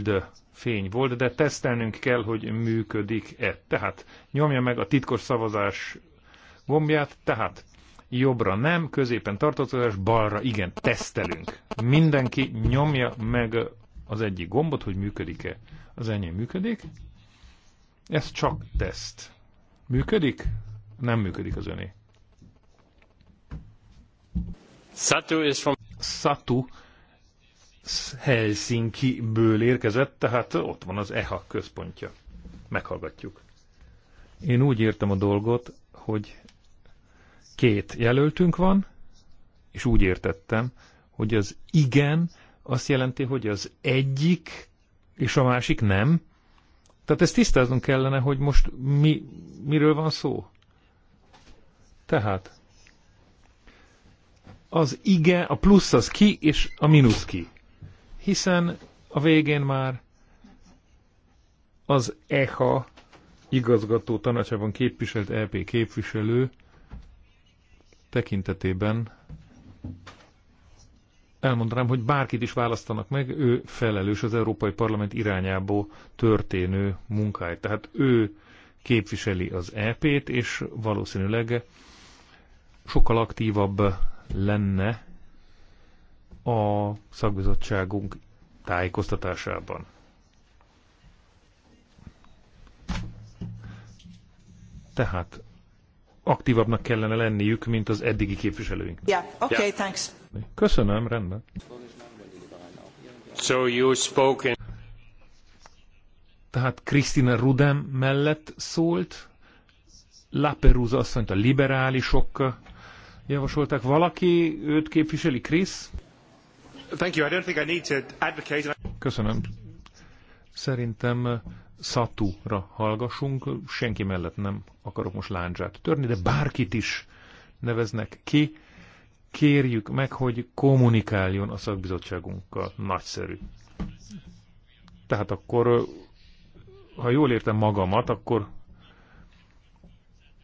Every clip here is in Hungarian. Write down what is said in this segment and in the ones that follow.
zöld fény volt, de tesztelnünk kell, hogy működik-e. Tehát nyomja meg a titkos szavazás gombját, tehát jobbra nem, középen tartózkodás, balra igen, tesztelünk. Mindenki nyomja meg az egyik gombot, hogy működik-e. Az enyém működik. Ez csak teszt. Működik? Nem működik az öné. Satu is from... Satu Helsinki-ből érkezett, tehát ott van az EHA központja. Meghallgatjuk. Én úgy értem a dolgot, hogy két jelöltünk van, és úgy értettem, hogy az igen azt jelenti, hogy az egyik és a másik nem. Tehát ezt tisztáznunk kellene, hogy most mi, miről van szó. Tehát az igen, a plusz az ki, és a mínusz ki hiszen a végén már az EHA igazgató tanácsában képviselt LP e képviselő tekintetében elmondanám, hogy bárkit is választanak meg, ő felelős az Európai Parlament irányából történő munkáért. Tehát ő képviseli az EP-t, és valószínűleg sokkal aktívabb lenne a szakbizottságunk tájékoztatásában. Tehát aktívabbnak kellene lenniük, mint az eddigi képviselőink. Yeah, okay, yeah. thanks. Köszönöm, rendben. So you spoke in... Tehát Krisztina Rudem mellett szólt, Laperusa asszonyt a liberálisok javasolták. Valaki őt képviseli, Krisz? Köszönöm. Szerintem Szatúra hallgassunk, senki mellett nem akarok most láncsát törni, de bárkit is neveznek ki, kérjük meg, hogy kommunikáljon a szakbizottságunkkal. Nagyszerű. Tehát akkor, ha jól értem magamat, akkor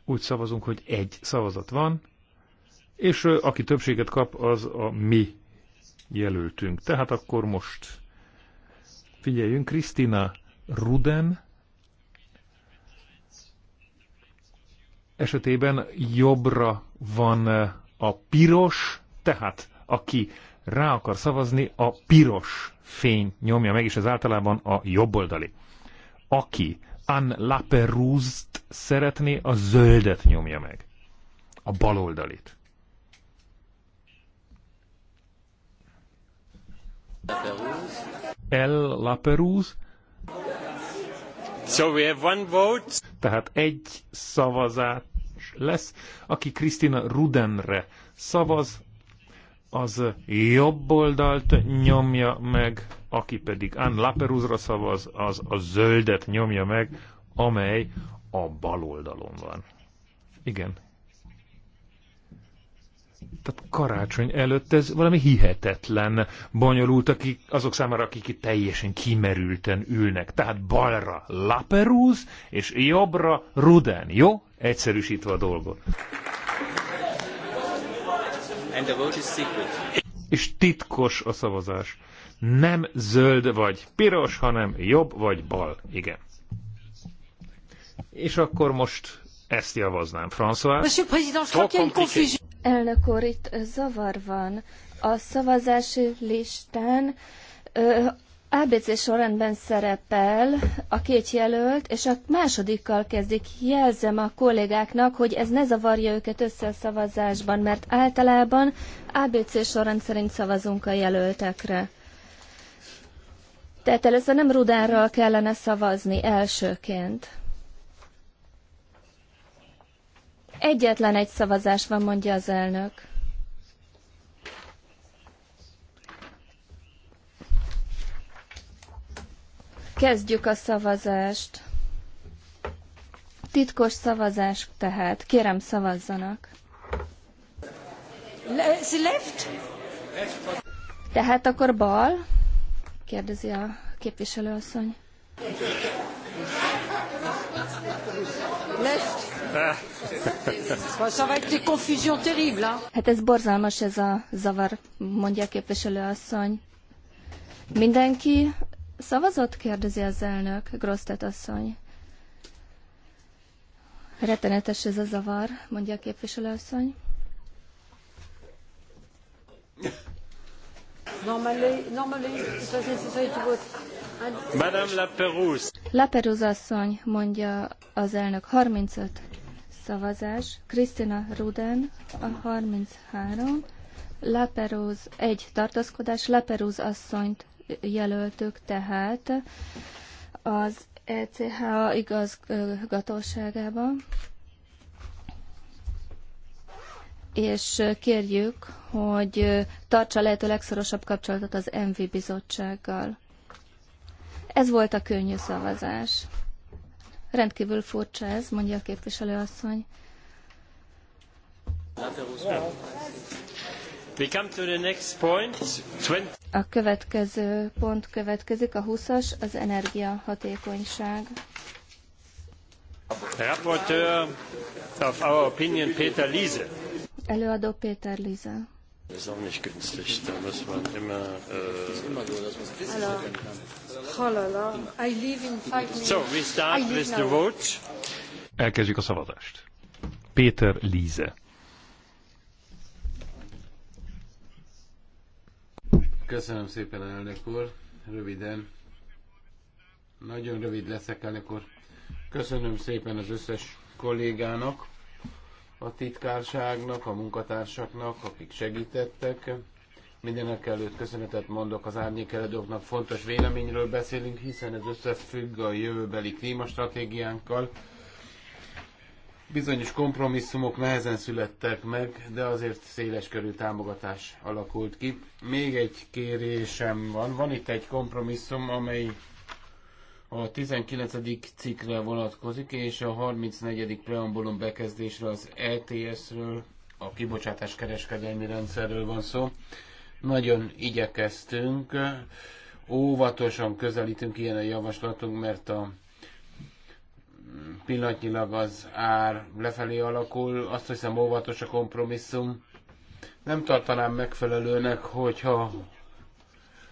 úgy szavazunk, hogy egy szavazat van, és aki többséget kap, az a mi jelöltünk. Tehát akkor most figyeljünk, Krisztina Ruden esetében jobbra van eh, a piros, tehát aki rá akar szavazni, a piros fény nyomja meg, és ez általában a jobboldali. Aki an Laperouse-t szeretné, a zöldet nyomja meg. A baloldalit. El Laperuz. So we have one vote. Tehát egy szavazás lesz, aki Kristina Rudenre szavaz, az jobb oldalt nyomja meg, aki pedig Ann Laperuzra szavaz, az a zöldet nyomja meg, amely a bal oldalon van. Igen, tehát karácsony előtt ez valami hihetetlen bonyolult akik, azok számára, akik itt teljesen kimerülten ülnek. Tehát balra Laperúz, és jobbra Ruden. Jó? Egyszerűsítve a dolgot. És titkos a szavazás. Nem zöld vagy piros, hanem jobb vagy bal. Igen. És akkor most ezt javaznám, François. Monsieur Président, je crois qu'il y a une confusion. Elnök úr, itt zavar van. A szavazási listán ö, ABC sorrendben szerepel a két jelölt, és a másodikkal kezdik. Jelzem a kollégáknak, hogy ez ne zavarja őket össze a szavazásban, mert általában ABC sorrend szerint szavazunk a jelöltekre. Tehát először nem rudánra kellene szavazni elsőként. Egyetlen egy szavazás van, mondja az elnök. Kezdjük a szavazást. Titkos szavazás tehát. Kérem, szavazzanak. Left? Tehát akkor bal? Kérdezi a képviselőasszony. Left. Hát ez borzalmas ez a zavar, mondja a asszony. Mindenki szavazott? kérdezi az elnök, Grosztet asszony. Rettenetes ez a zavar, mondja a képviselő asszony. normally, it was necessary to Madame Laperouse. Laperouse asszony, mondja az elnök, 35 szavazás. Krisztina Ruden, a 33. Leperóz egy tartózkodás. Leperóz asszonyt jelöltük tehát az ECH igazgatóságába. És kérjük, hogy tartsa lehető legszorosabb kapcsolatot az MV bizottsággal. Ez volt a könnyű szavazás. Rendkívül furcsa ez, mondja a képviselő asszony. A következő pont következik, a 20-as, az energiahatékonyság. Rapporteur of our opinion Peter Liese. Előadó Péter Liese. Ez auch nicht günstig, da muss man immer... Äh, So, we start with the vote. Elkezdjük a szavazást. Péter Líze. Köszönöm szépen, elnök úr. Röviden. Nagyon rövid leszek, elnök úr. Köszönöm szépen az összes kollégának, a titkárságnak, a munkatársaknak, akik segítettek Mindenek előtt köszönetet mondok az árnyékeladóknak, fontos véleményről beszélünk, hiszen ez összefügg a jövőbeli klímastratégiánkkal. Bizonyos kompromisszumok nehezen születtek meg, de azért széles körű támogatás alakult ki. Még egy kérésem van. Van itt egy kompromisszum, amely a 19. cikkre vonatkozik, és a 34. preambulum bekezdésre az ETS-ről, a kibocsátás kereskedelmi rendszerről van szó. Nagyon igyekeztünk, óvatosan közelítünk ilyen a javaslatunk, mert a pillanatnyilag az ár lefelé alakul, azt hiszem óvatos a kompromisszum. Nem tartanám megfelelőnek, hogyha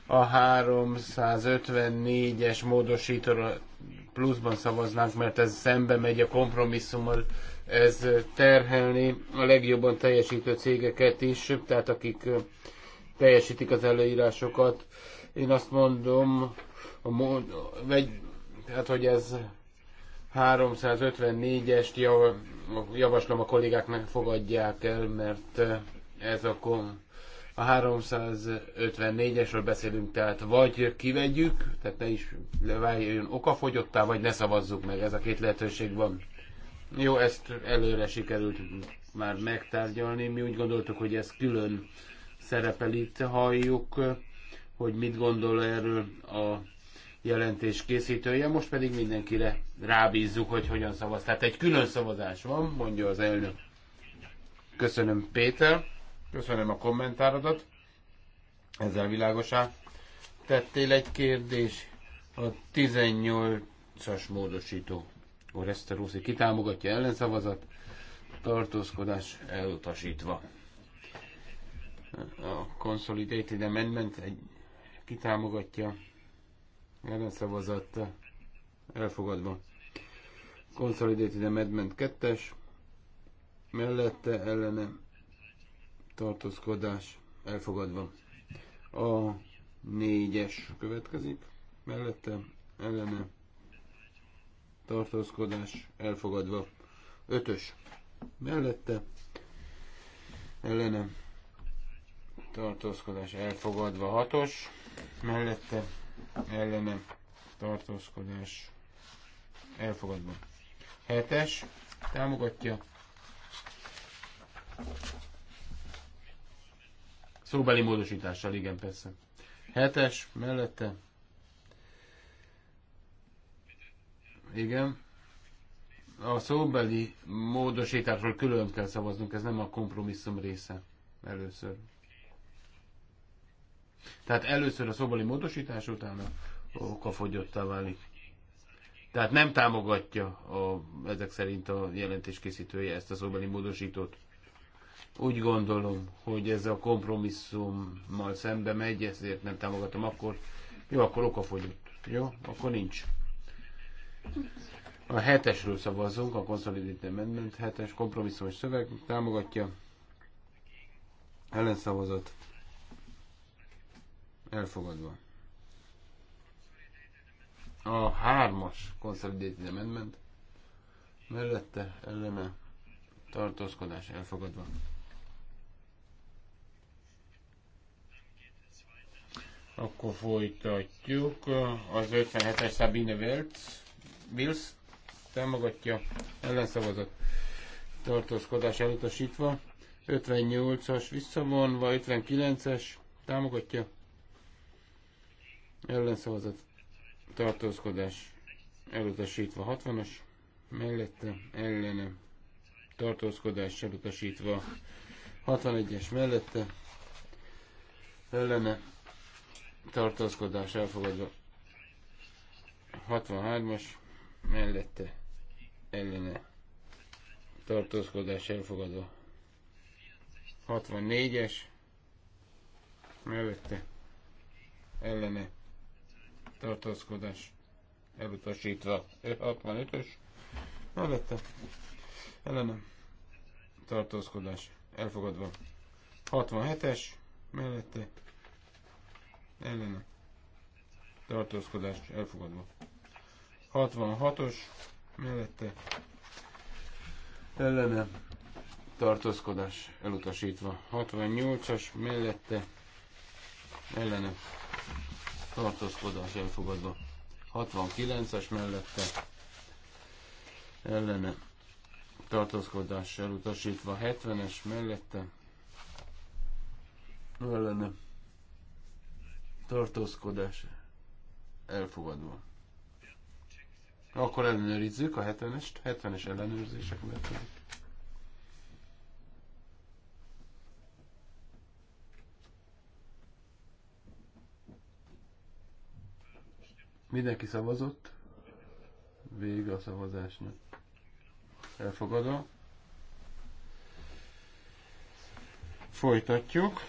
a 354-es módosítóra pluszban szavaznánk, mert ez szembe megy a kompromisszummal, ez terhelni a legjobban teljesítő cégeket is, tehát akik teljesítik az előírásokat. Én azt mondom, a mond, vagy, hát hogy ez 354-est jav, javaslom a kollégáknak fogadják el, mert ez akkor a 354-esről beszélünk, tehát vagy kivegyük, tehát ne is váljon okafogyottá, vagy ne szavazzuk meg, ez a két lehetőség van. Jó, ezt előre sikerült már megtárgyalni, mi úgy gondoltuk, hogy ez külön szerepel itt, halljuk, hogy mit gondol erről a jelentés készítője, most pedig mindenkire rábízzuk, hogy hogyan szavaz. Tehát egy külön szavazás van, mondja az elnök. Köszönöm Péter, köszönöm a kommentáradat, ezzel világosá tettél egy kérdés. A 18-as módosító Oreszter Rószi kitámogatja ellenszavazat, tartózkodás elutasítva a Consolidated Amendment egy, kitámogatja ellen ellenszavazat elfogadva. Consolidated Amendment 2-es mellette ellene tartózkodás elfogadva. A 4-es következik mellette ellene tartózkodás elfogadva. 5-ös mellette ellene tartózkodás elfogadva. Hatos mellette ellene tartózkodás elfogadva. 7-es, támogatja. Szóbeli módosítással, igen, persze. 7-es, mellette. Igen. A szóbeli módosításról külön kell szavaznunk, ez nem a kompromisszum része először. Tehát először a szobali módosítás után okafogyottá válik. Tehát nem támogatja a, ezek szerint a jelentés készítője ezt a szóbeli módosítót. Úgy gondolom, hogy ez a kompromisszummal szembe megy, ezért nem támogatom. Akkor jó, akkor okafogyott. Jó, akkor nincs. A hetesről szavazunk, a Consolidated Amendment hetes kompromisszumos szöveg támogatja. Ellenszavazat elfogadva. A hármas Consolidated Amendment mellette ellene tartózkodás elfogadva. Akkor folytatjuk. Az 57-es Sabine Wills, Wills támogatja ellenszavazat tartózkodás elutasítva. 58-as visszavonva, 59-es támogatja ellenszavazat, tartózkodás elutasítva 60-as, mellette ellene tartózkodás elutasítva 61-es mellette ellene tartózkodás elfogadva 63-as mellette ellene tartózkodás elfogadva 64-es mellette ellene tartózkodás elutasítva. 65-ös mellette ellene tartózkodás elfogadva. 67-es mellette ellene tartózkodás elfogadva. 66-os mellette ellene tartózkodás elutasítva. 68-as mellette ellene tartózkodás elfogadva. 69-es mellette ellene tartózkodás elutasítva. 70-es mellette ellene tartózkodás elfogadva. Akkor ellenőrizzük a 70-est, 70-es ellenőrzések mellett. Mindenki szavazott. Vége a szavazásnak. Elfogadva. Folytatjuk.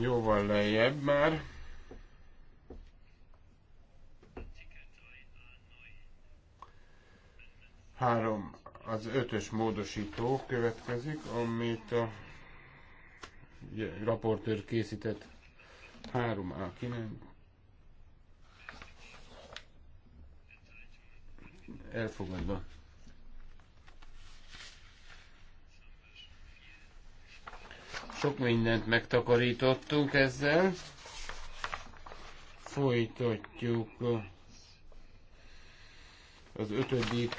Jóval lejjebb már. Három az ötös módosító következik, amit a raportőr készített 3A9 elfogadva. Sok mindent megtakarítottunk ezzel. Folytatjuk az ötödik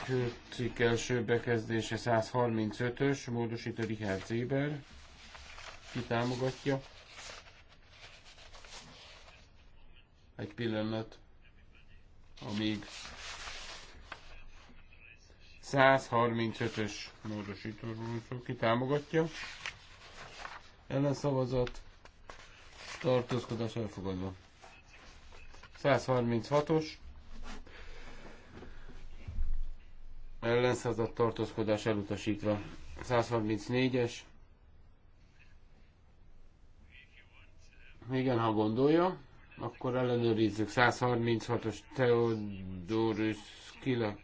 cikk első bekezdése 135-ös, módosító Richard Zéber. Ki támogatja? Egy pillanat, amíg 135-ös módosítóról szó, ki támogatja. Ellenszavazat, tartózkodás elfogadva. 136-os. Ellenszavazat, tartózkodás elutasítva. 134-es. Igen, ha gondolja, akkor ellenőrizzük. 136-os Theodorus Kila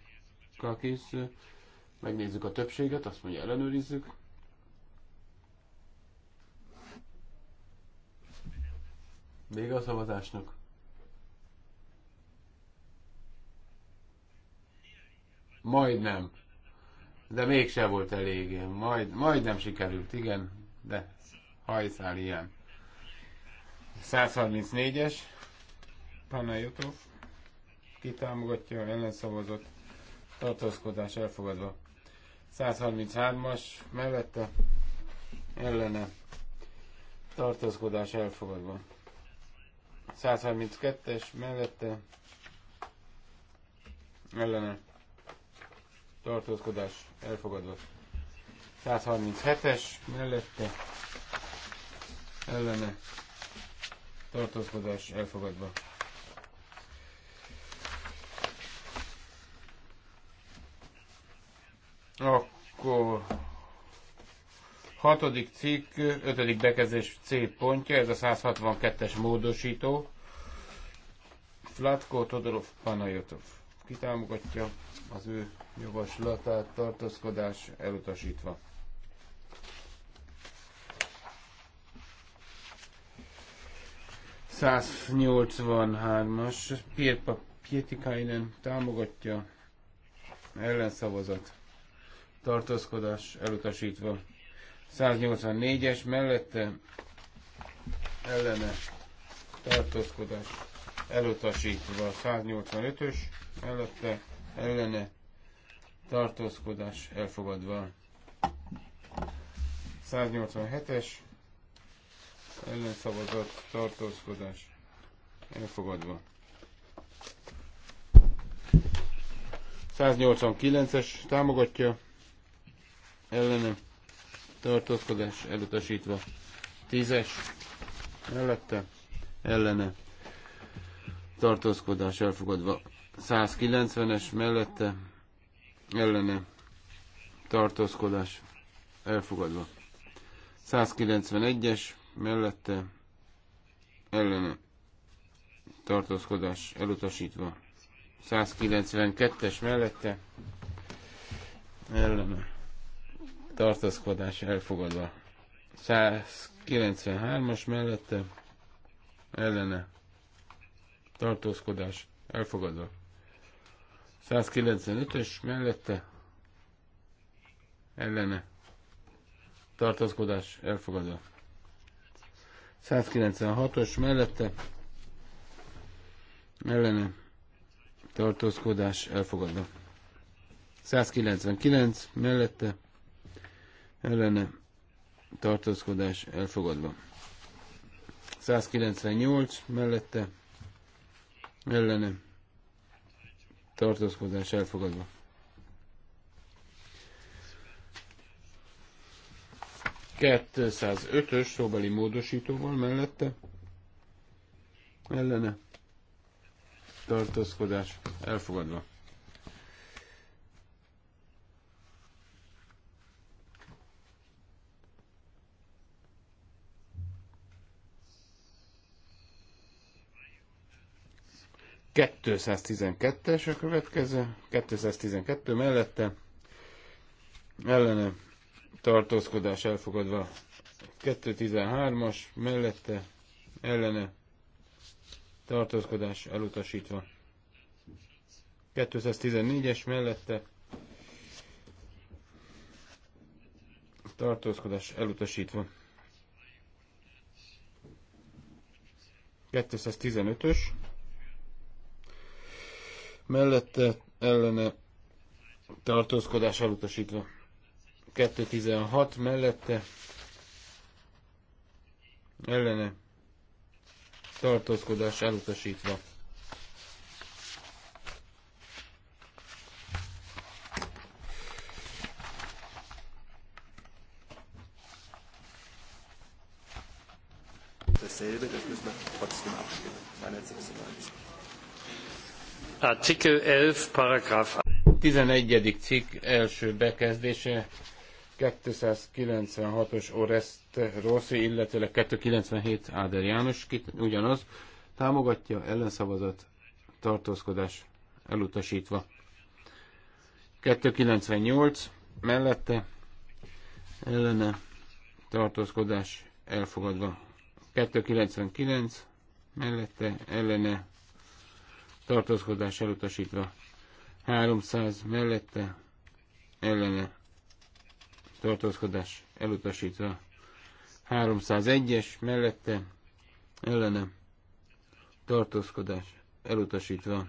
készül. Megnézzük a többséget, azt mondja ellenőrizzük. Vége a szavazásnak. Majdnem. De mégse volt elég. Majd, majdnem sikerült, igen. De hajszál ilyen. 134-es. Panajotov. Ki támogatja ellenszavazott? tartózkodás elfogadva. 133-as mellette ellene tartózkodás elfogadva. 132-es mellette ellene tartózkodás elfogadva. 137-es mellette ellene tartózkodás elfogadva. Akkor hatodik cikk, ötödik bekezdés C pontja, ez a 162-es módosító. Flatko Todorov Panajotov kitámogatja az ő javaslatát, tartózkodás elutasítva. ...183-as Pirpa Pietikainen támogatja ellenszavazat tartózkodás elutasítva. 184-es mellette ellene tartózkodás elutasítva. 185-ös mellette ellene tartózkodás elfogadva. 187-es ellenszavazat tartózkodás elfogadva. 189-es támogatja ellene tartózkodás elutasítva. Tízes mellette ellene tartózkodás elfogadva. 190-es mellette ellene tartózkodás elfogadva. 191-es mellette ellene tartózkodás elutasítva. 192-es mellette ellene tartaszkodás elfogadva. 193-as mellette ellene tartózkodás elfogadva. 195-ös mellette ellene tartózkodás elfogadva. 196-os mellette ellene tartózkodás elfogadva. 199 mellette ellene tartózkodás elfogadva. 198 mellette ellene tartózkodás elfogadva. ös szóbeli módosítóval mellette ellene tartózkodás elfogadva. 212-es a következő, 212 mellette ellene tartózkodás elfogadva, 213-as mellette ellene tartózkodás elutasítva, 214-es mellette tartózkodás elutasítva. 215-ös mellette ellene tartózkodás elutasítva. 216 mellette ellene tartózkodás elutasítva. Artikel 11, paragraf 11. cikk első bekezdése 296-os Orest Rossi, illetőleg 297 Áder János, ugyanaz, támogatja ellenszavazat tartózkodás elutasítva. 298 mellette ellene tartózkodás elfogadva. 299 mellette ellene tartózkodás elutasítva. 300 mellette ellene tartózkodás elutasítva. 301-es mellette ellene tartózkodás elutasítva.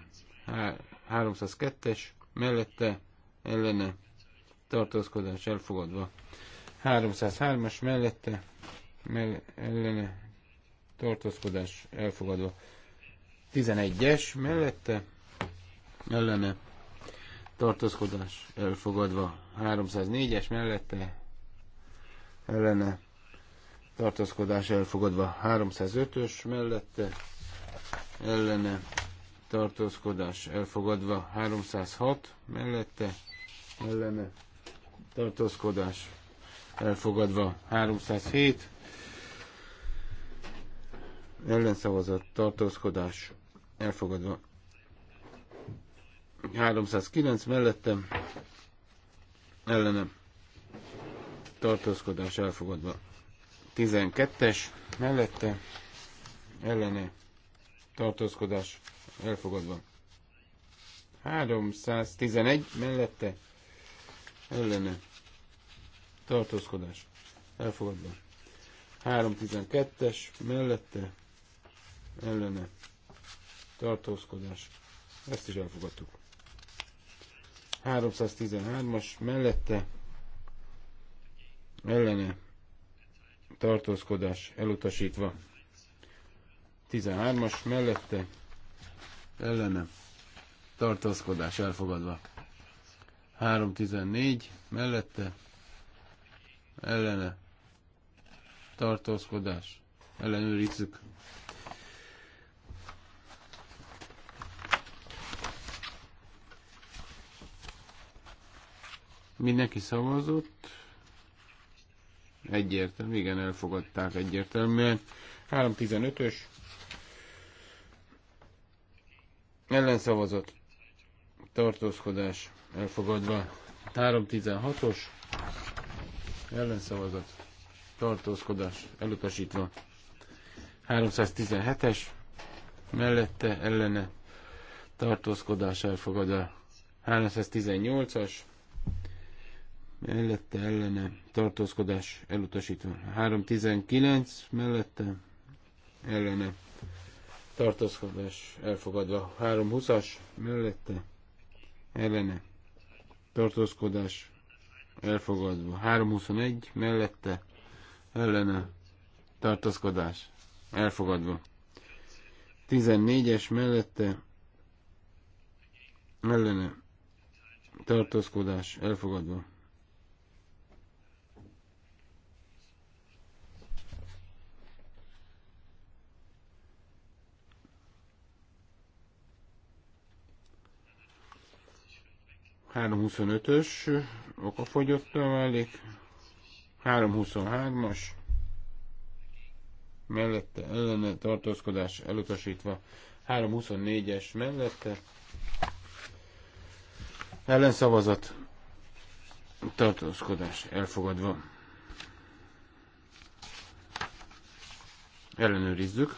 302-es mellette ellene tartózkodás elfogadva. 303-as mellette mell ellene tartózkodás elfogadva. 11-es mellette ellene tartózkodás elfogadva. 304-es mellette ellene tartózkodás elfogadva. 305-ös mellette ellene tartózkodás elfogadva. 306 mellette ellene tartózkodás elfogadva. 307 ellenszavazat tartózkodás elfogadva. 309 mellettem ellenem tartózkodás elfogadva. 12-es mellette ellene tartózkodás elfogadva. 311 mellette ellene tartózkodás elfogadva. 312-es mellette ellene tartózkodás, ezt is elfogadtuk. 313-as mellette ellene tartózkodás elutasítva. 13-as mellette ellene tartózkodás elfogadva. 314 mellette ellene tartózkodás ellenőrizzük. Mindenki szavazott. Egyértelmű, igen, elfogadták egyértelműen. 3.15-ös. Ellenszavazat. Tartózkodás elfogadva. 3.16-os. Ellenszavazat. Tartózkodás elutasítva. 317-es. Mellette ellene tartózkodás elfogadva. 318-as mellette ellene tartózkodás elutasítva. 319 mellette ellene tartózkodás elfogadva. 320-as mellette ellene tartózkodás elfogadva. 321 mellette ellene tartózkodás elfogadva. 14-es mellette ellene tartózkodás elfogadva. 325-ös okafogyottá válik. 323-as mellette ellene tartózkodás elutasítva. 324-es mellette ellenszavazat tartózkodás elfogadva. Ellenőrizzük.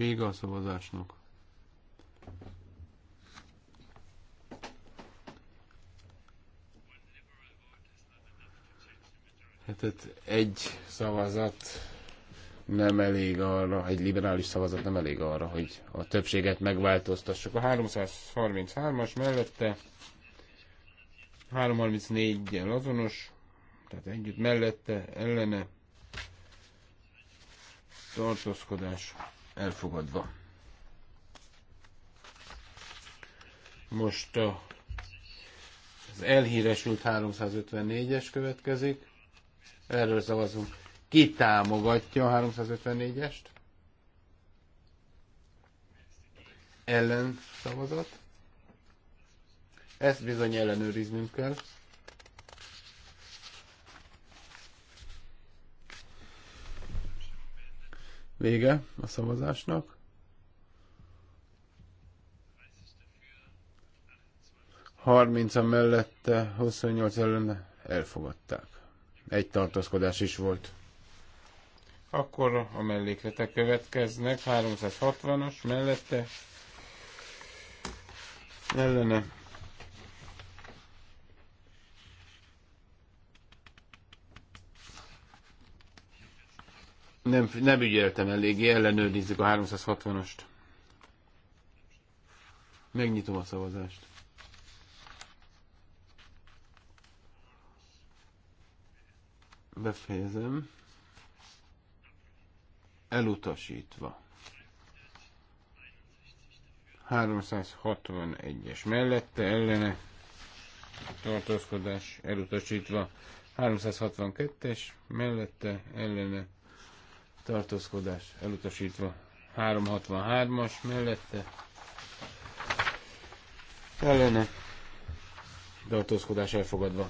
Vége a szavazásnak. Hát, hát egy szavazat nem elég arra, egy liberális szavazat nem elég arra, hogy a többséget megváltoztassuk. A 333-as mellette 334-jel azonos, tehát együtt mellette, ellene tartózkodás elfogadva. Most a, az elhíresült 354-es következik. Erről szavazunk. Ki támogatja a 354-est? Ellen szavazat. Ezt bizony ellenőriznünk kell. Vége a szavazásnak. Harminc a mellette, 28 ellen elfogadták. Egy tartózkodás is volt. Akkor a mellékletek következnek. 360-as mellette. Ellene nem, nem ügyeltem eléggé, ellenőrizzük a 360-ast. Megnyitom a szavazást. Befejezem. Elutasítva. 361-es mellette ellene tartózkodás elutasítva. 362-es mellette ellene tartózkodás elutasítva. 363-as mellette ellene tartózkodás elfogadva.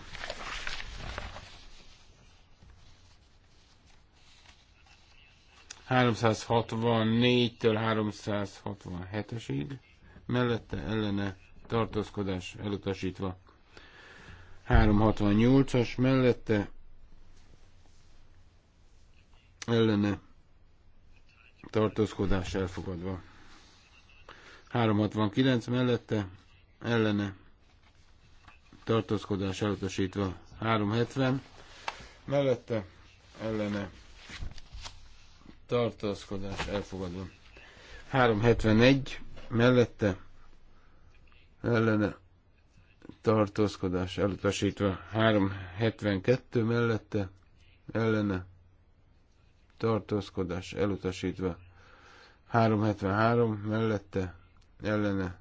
...364-től 367-esig, mellette ellene tartózkodás elutasítva. 368-as mellette ellene tartózkodás elfogadva. 369 mellette ellene tartózkodás elutasítva. 370 mellette ellene tartózkodás elfogadva. 371 mellette ellene tartózkodás elutasítva. 372 mellette ellene tartózkodás elutasítva. 373 mellette ellene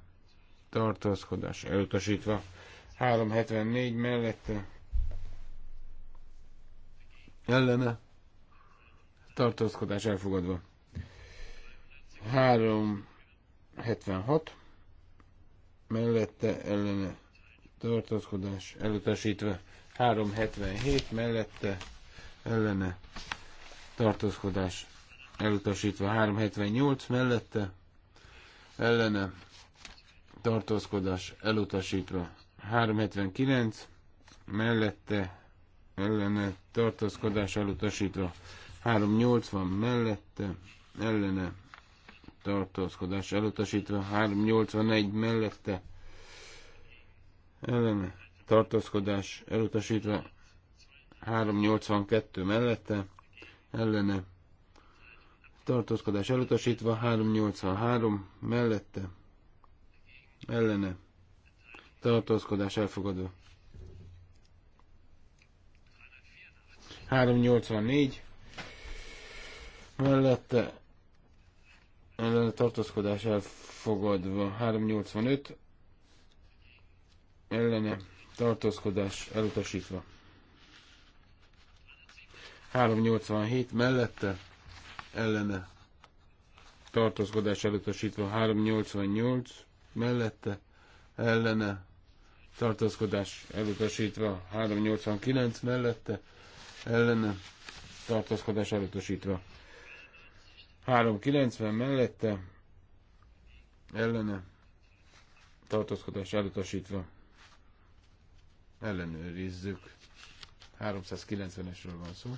tartózkodás elutasítva. 374 mellette ellene tartózkodás elfogadva. 376 mellette ellene tartózkodás elutasítva. 377 mellette ellene tartózkodás elutasítva 378 mellette, ellene tartózkodás elutasítva 379 mellette, ellene tartózkodás elutasítva 380 mellette, ellene tartózkodás elutasítva 381 mellette, ellene tartózkodás elutasítva 382 mellette, ellene tartózkodás elutasítva, 383 mellette ellene tartózkodás elfogadva. 384 mellette ellene tartózkodás elfogadva 385 ellene tartózkodás elutasítva 387 mellette ellene tartózkodás elutasítva 388 mellette ellene tartózkodás elutasítva 389 mellette ellene tartózkodás elutasítva 390 mellette ellene tartózkodás elutasítva ellenőrizzük 390-esről van szó.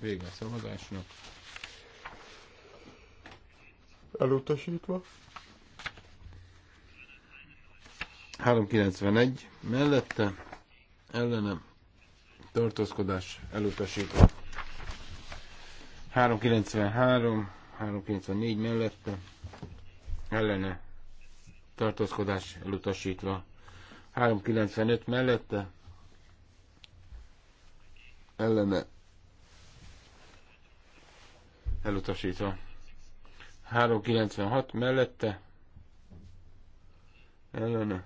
Vége a szavazásnak. Elutasítva. 391 mellette ellenem tartózkodás elutasítva. 393, 394 mellette ellene tartózkodás elutasítva. 395 mellette ellene elutasítva. 396 mellette ellene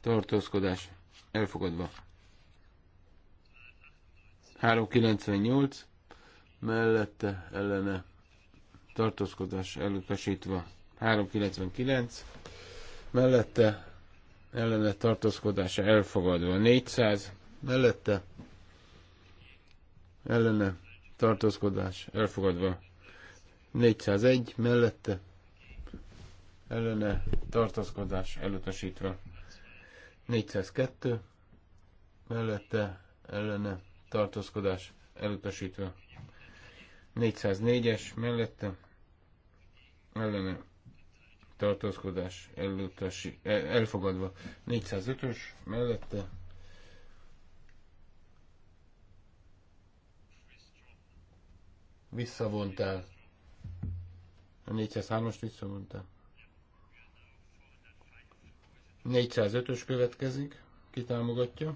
tartózkodás elfogadva. 398 mellette ellene tartózkodás elutasítva. 399 mellette ellene tartózkodása elfogadva 400 mellette ellene tartózkodás elfogadva 401 mellette ellene tartózkodás elutasítva 402 mellette ellene tartózkodás elutasítva 404-es mellette ellene tartózkodás elutasi, e, elfogadva. 405-ös mellette visszavontál. A 403-ast visszavontál. 405-ös következik. kitámogatja.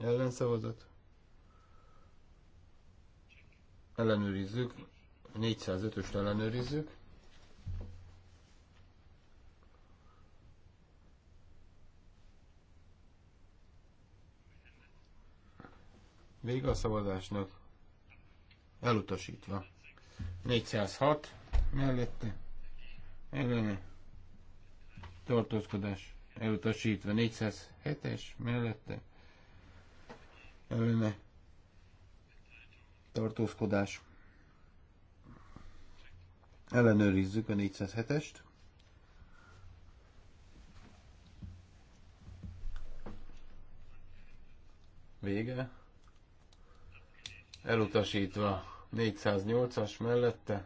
Ellenszavazat. Ellenőrizzük. 405-öst ellenőrizzük. Vége a szavazásnak. Elutasítva. 406 mellette. Ellene. Tartózkodás. Elutasítva. 407-es mellette. Ellene. Tartózkodás. Ellenőrizzük a 407-est. Vége. Elutasítva 408-as mellette.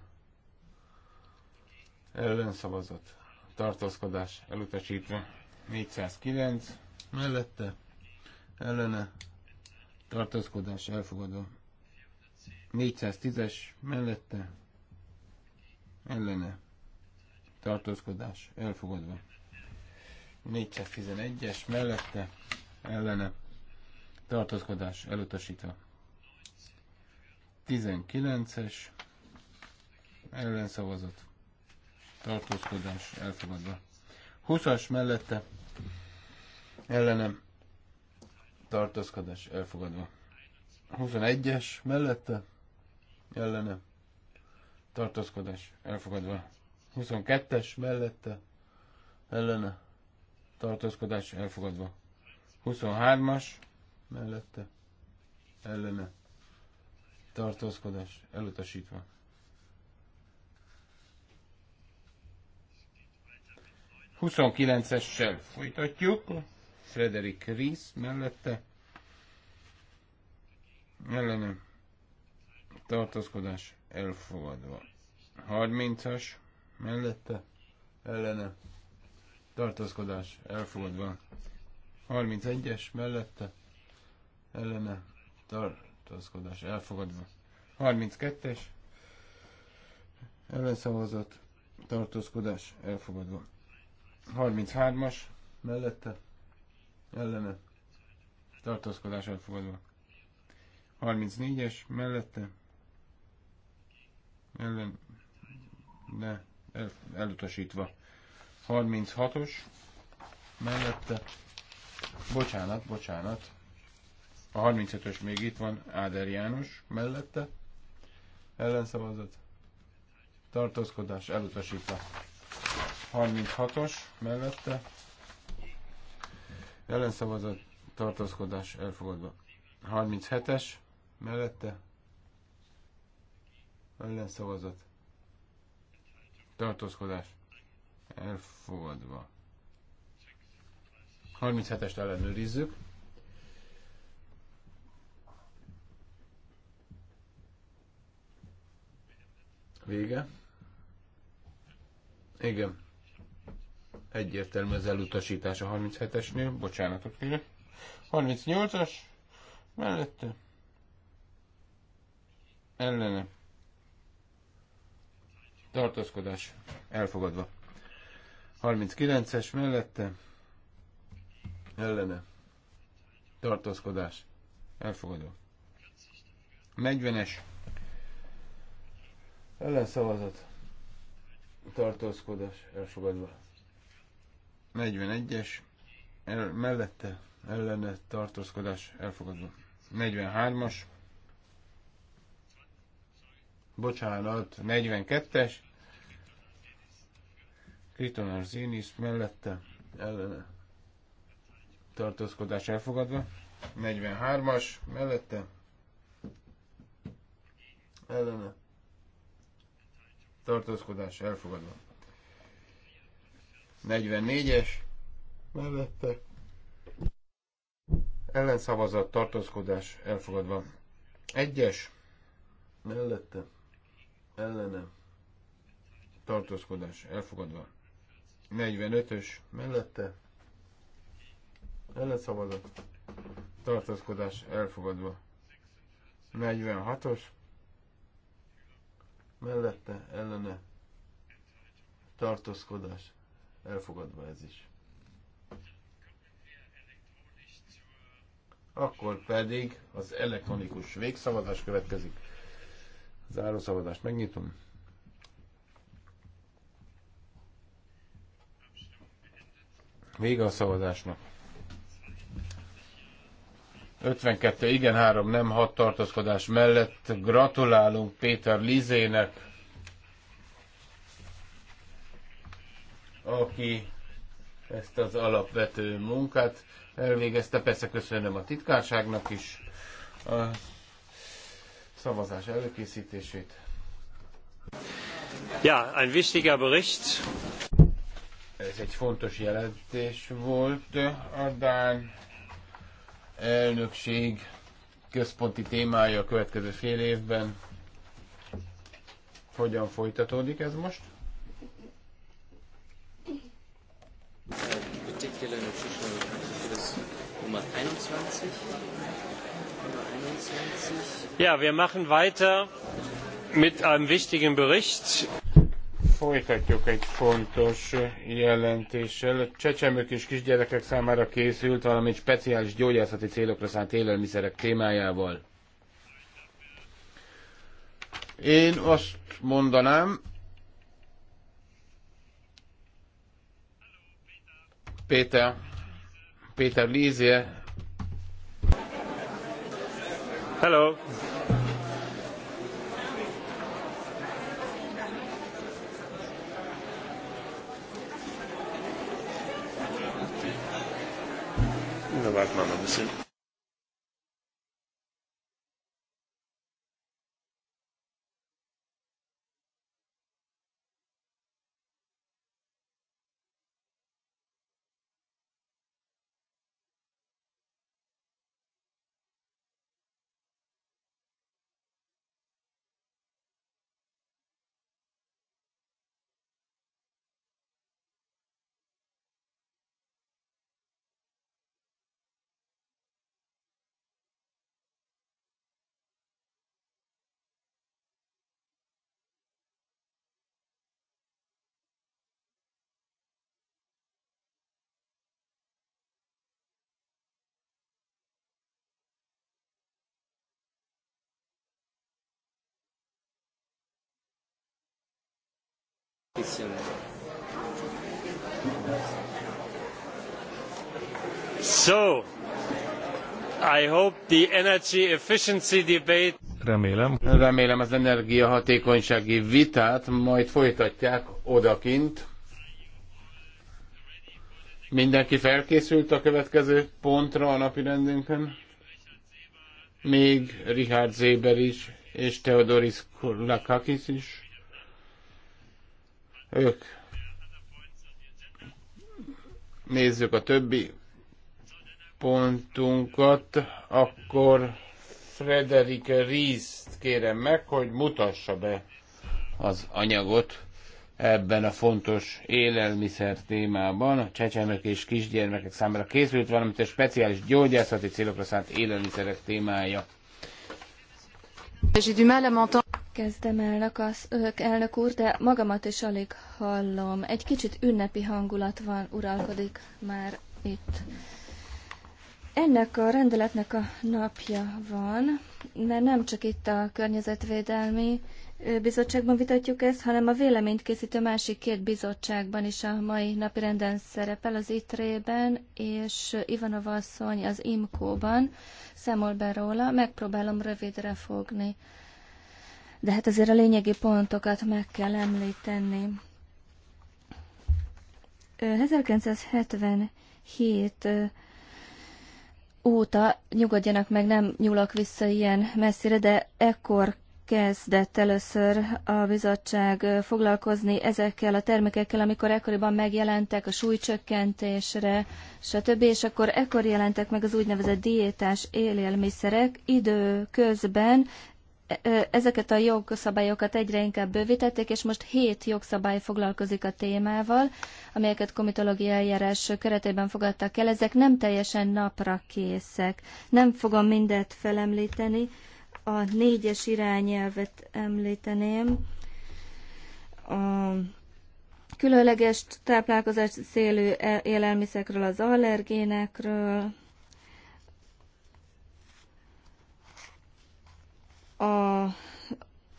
Ellenszavazat. Tartózkodás elutasítva 409 mellette. Ellene. Tartózkodás elfogadva. 410-es mellette ellene tartózkodás elfogadva. 411-es mellette ellene tartózkodás elutasítva. 19-es ellenszavazat tartózkodás elfogadva. 20-as mellette ellenem tartózkodás elfogadva. 21-es mellette ellene tartózkodás elfogadva. 22-es mellette ellene tartózkodás elfogadva. 23-as mellette ellene tartózkodás elutasítva. Huszonkilencessel folytatjuk. Frederick Rees mellette. Ellenem tartózkodás elfogadva. 30-as mellette ellene tartózkodás elfogadva. 31-es mellette ellene tartózkodás elfogadva. 32-es ellenszavazat tartózkodás elfogadva. 33-as mellette ellene tartózkodás elfogadva. 34-es mellette ellen, ne, el, elutasítva. 36-os mellette, bocsánat, bocsánat, a 35-ös még itt van, Áder János mellette, ellenszavazat, tartózkodás elutasítva. 36-os mellette, ellenszavazat, tartózkodás elfogadva. 37-es mellette, Ellenszavazat. Tartózkodás. Elfogadva. 37-est ellenőrizzük. Vége. Igen. Egyértelmű az elutasítás a 37-esnél. Bocsánatok kérek. 38-as. Mellette. Ellene tartózkodás elfogadva. 39-es mellette ellene tartózkodás elfogadva. 40-es ellenszavazat tartózkodás elfogadva. 41-es el, mellette ellene tartózkodás elfogadva. 43-as bocsánat, 42-es Kriton Arzenis mellette ellene tartózkodás elfogadva. 43-as mellette ellene tartózkodás elfogadva. 44-es mellette ellenszavazat tartózkodás elfogadva. 1-es mellette ellene tartózkodás elfogadva. 45-ös mellette ellenszavazat tartózkodás elfogadva 46-os mellette ellene tartózkodás elfogadva ez is akkor pedig az elektronikus végszavazás következik zárószavazást megnyitom Vége a szavazásnak. 52, igen, 3, nem, 6 tartozkodás mellett. Gratulálunk Péter Lizének, aki ezt az alapvető munkát elvégezte. Persze köszönöm a titkárságnak is a szavazás előkészítését. Ja, ein wichtiger Bericht. Ez egy fontos jelentés volt. A Dán elnökség központi témája a következő fél évben. Hogyan folytatódik ez most? Ja, wir machen weiter mit einem wichtigen Bericht Folytatjuk egy fontos jelentéssel. Csecsemők és kisgyerekek számára készült, valamint speciális gyógyászati célokra szánt élelmiszerek témájával. Én azt mondanám, Péter, Péter Lízie. Hello. Herr Waldmann, ein So, I hope the energy efficiency debate Remélem. Remélem az energiahatékonysági vitát majd folytatják odakint. Mindenki felkészült a következő pontra a napi rendünkön? Még Richard Zéber is, és Theodoris Kurlakakis is. Ők nézzük a többi pontunkat, akkor Frederik Rieszt kérem meg, hogy mutassa be az anyagot ebben a fontos élelmiszer témában, a csecsemek és kisgyermekek számára készült, valamint a speciális gyógyászati célokra szánt élelmiszerek témája kezdem elnök, az, elnök úr, de magamat is alig hallom. Egy kicsit ünnepi hangulat van, uralkodik már itt. Ennek a rendeletnek a napja van, mert nem csak itt a környezetvédelmi bizottságban vitatjuk ezt, hanem a véleményt készítő másik két bizottságban is a mai napi renden szerepel, az ITRE-ben és Ivana Vasszony az IMKO-ban. Számol be róla, megpróbálom rövidre fogni de hát azért a lényegi pontokat meg kell említeni. 1977 óta, nyugodjanak meg, nem nyúlok vissza ilyen messzire, de ekkor kezdett először a bizottság foglalkozni ezekkel a termékekkel, amikor ekkoriban megjelentek a súlycsökkentésre, stb. És akkor ekkor jelentek meg az úgynevezett diétás élélmiszerek. Idő közben ezeket a jogszabályokat egyre inkább bővítették, és most hét jogszabály foglalkozik a témával, amelyeket komitológiai eljárás keretében fogadtak el. Ezek nem teljesen napra készek. Nem fogom mindet felemlíteni. A négyes irányelvet említeném. A különleges táplálkozás szélű e- élelmiszekről, az allergénekről, a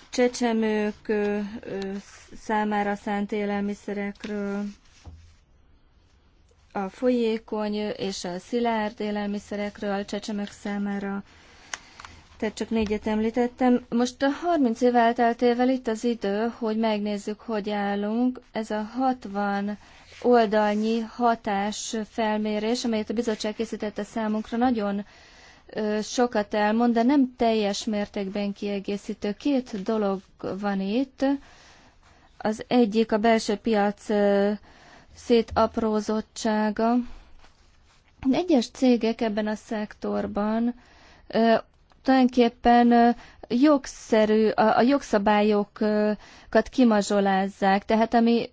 csecsemők számára szánt élelmiszerekről, a folyékony és a szilárd élelmiszerekről a csecsemők számára, tehát csak négyet említettem. Most a 30 év elteltével itt az idő, hogy megnézzük, hogy állunk. Ez a 60 oldalnyi hatás felmérés, amelyet a bizottság készítette számunkra, nagyon sokat elmond, de nem teljes mértékben kiegészítő. Két dolog van itt. Az egyik a belső piac szétaprózottsága. Egyes cégek ebben a szektorban tulajdonképpen jogszerű, a, jogszabályokat kimazsolázzák, tehát ami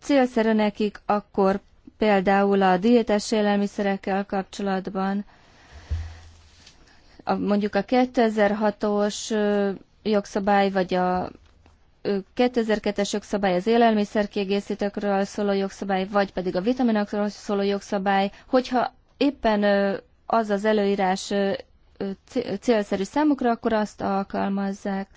célszerű nekik, akkor például a diétás élelmiszerekkel kapcsolatban, a, mondjuk a 2006-os jogszabály, vagy a 2002-es jogszabály az élelmiszerkiegészítőkről szóló jogszabály, vagy pedig a vitaminokról szóló jogszabály, hogyha éppen az az előírás célszerű számukra, akkor azt alkalmazzák.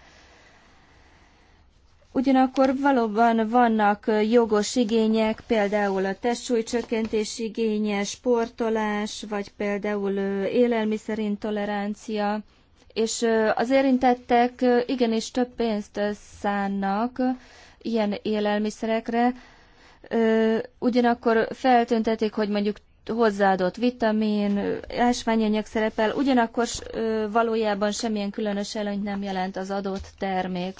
Ugyanakkor valóban vannak jogos igények, például a testsúlycsökkentés igénye, sportolás, vagy például élelmiszerintolerancia, és az érintettek igenis több pénzt szánnak ilyen élelmiszerekre, ugyanakkor feltüntetik, hogy mondjuk hozzáadott vitamin, ásványanyag szerepel, ugyanakkor valójában semmilyen különös előnyt nem jelent az adott termék.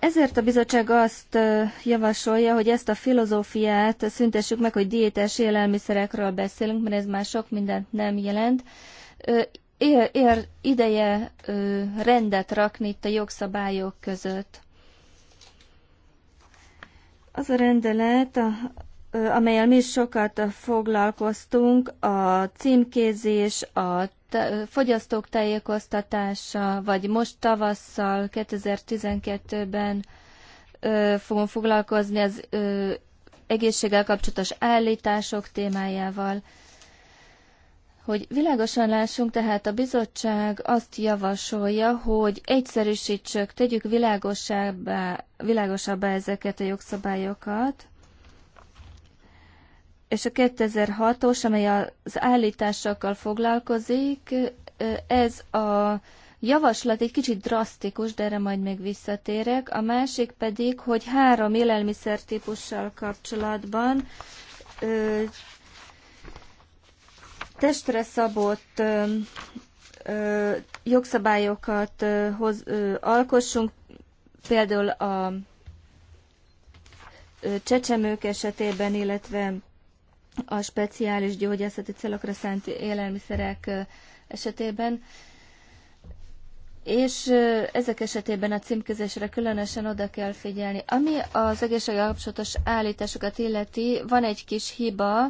Ezért a bizottság azt javasolja, hogy ezt a filozófiát szüntessük meg, hogy diétás élelmiszerekről beszélünk, mert ez már sok mindent nem jelent. Ér, ér ideje rendet rakni itt a jogszabályok között. Az a rendelet, a amelyel mi sokat foglalkoztunk, a címkézés, a fogyasztók tájékoztatása, vagy most tavasszal, 2012-ben fogom foglalkozni az egészséggel kapcsolatos állítások témájával. Hogy világosan lássunk, tehát a bizottság azt javasolja, hogy egyszerűsítsük, tegyük világosabbá, világosabbá ezeket a jogszabályokat, és a 2006-os, amely az állításokkal foglalkozik, ez a javaslat egy kicsit drasztikus, de erre majd még visszatérek. A másik pedig, hogy három élelmiszertípussal kapcsolatban ö, testre szabott ö, ö, jogszabályokat ö, hoz, ö, alkossunk, például a ö, csecsemők esetében, illetve a speciális gyógyászati célokra szánt élelmiszerek esetében, és ezek esetében a címkezésre különösen oda kell figyelni. Ami az egészségügyi kapcsolatos állításokat illeti, van egy kis hiba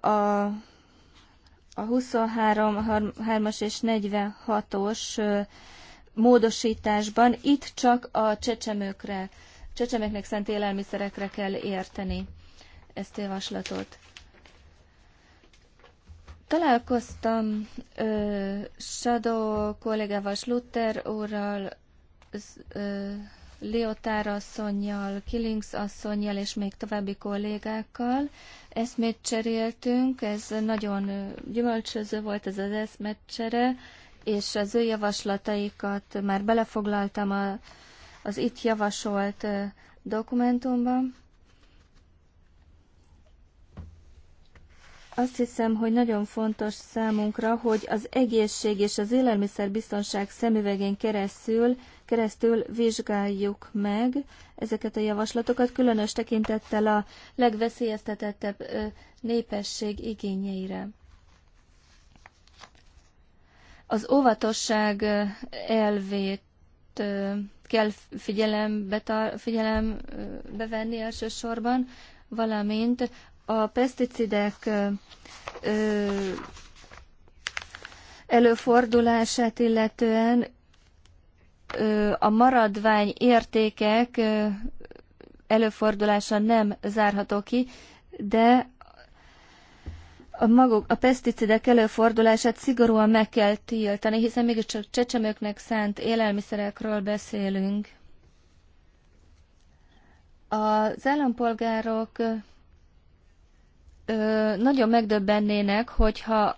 a, a 23, 3-as és 46-os módosításban. Itt csak a csecsemőkre, csecsemőknek szent élelmiszerekre kell érteni ezt a javaslatot. Találkoztam ö, Shadow kollégával, Slutter úrral, ö, Liotár asszonyjal, Killings asszonyjal és még további kollégákkal. Eszmét cseréltünk, ez nagyon gyümölcsöző volt ez az eszmetcsere, és az ő javaslataikat már belefoglaltam a, az itt javasolt dokumentumban. Azt hiszem, hogy nagyon fontos számunkra, hogy az egészség és az élelmiszerbiztonság szemüvegén keresztül, keresztül vizsgáljuk meg ezeket a javaslatokat, különös tekintettel a legveszélyeztetettebb népesség igényeire. Az óvatosság elvét kell figyelembe, figyelembe venni elsősorban, valamint a peszticidek előfordulását illetően a maradvány értékek előfordulása nem zárható ki, de a, maguk, a peszticidek előfordulását szigorúan meg kell tiltani, hiszen mégiscsak csecsemőknek szánt élelmiszerekről beszélünk. Az állampolgárok nagyon megdöbbennének, hogyha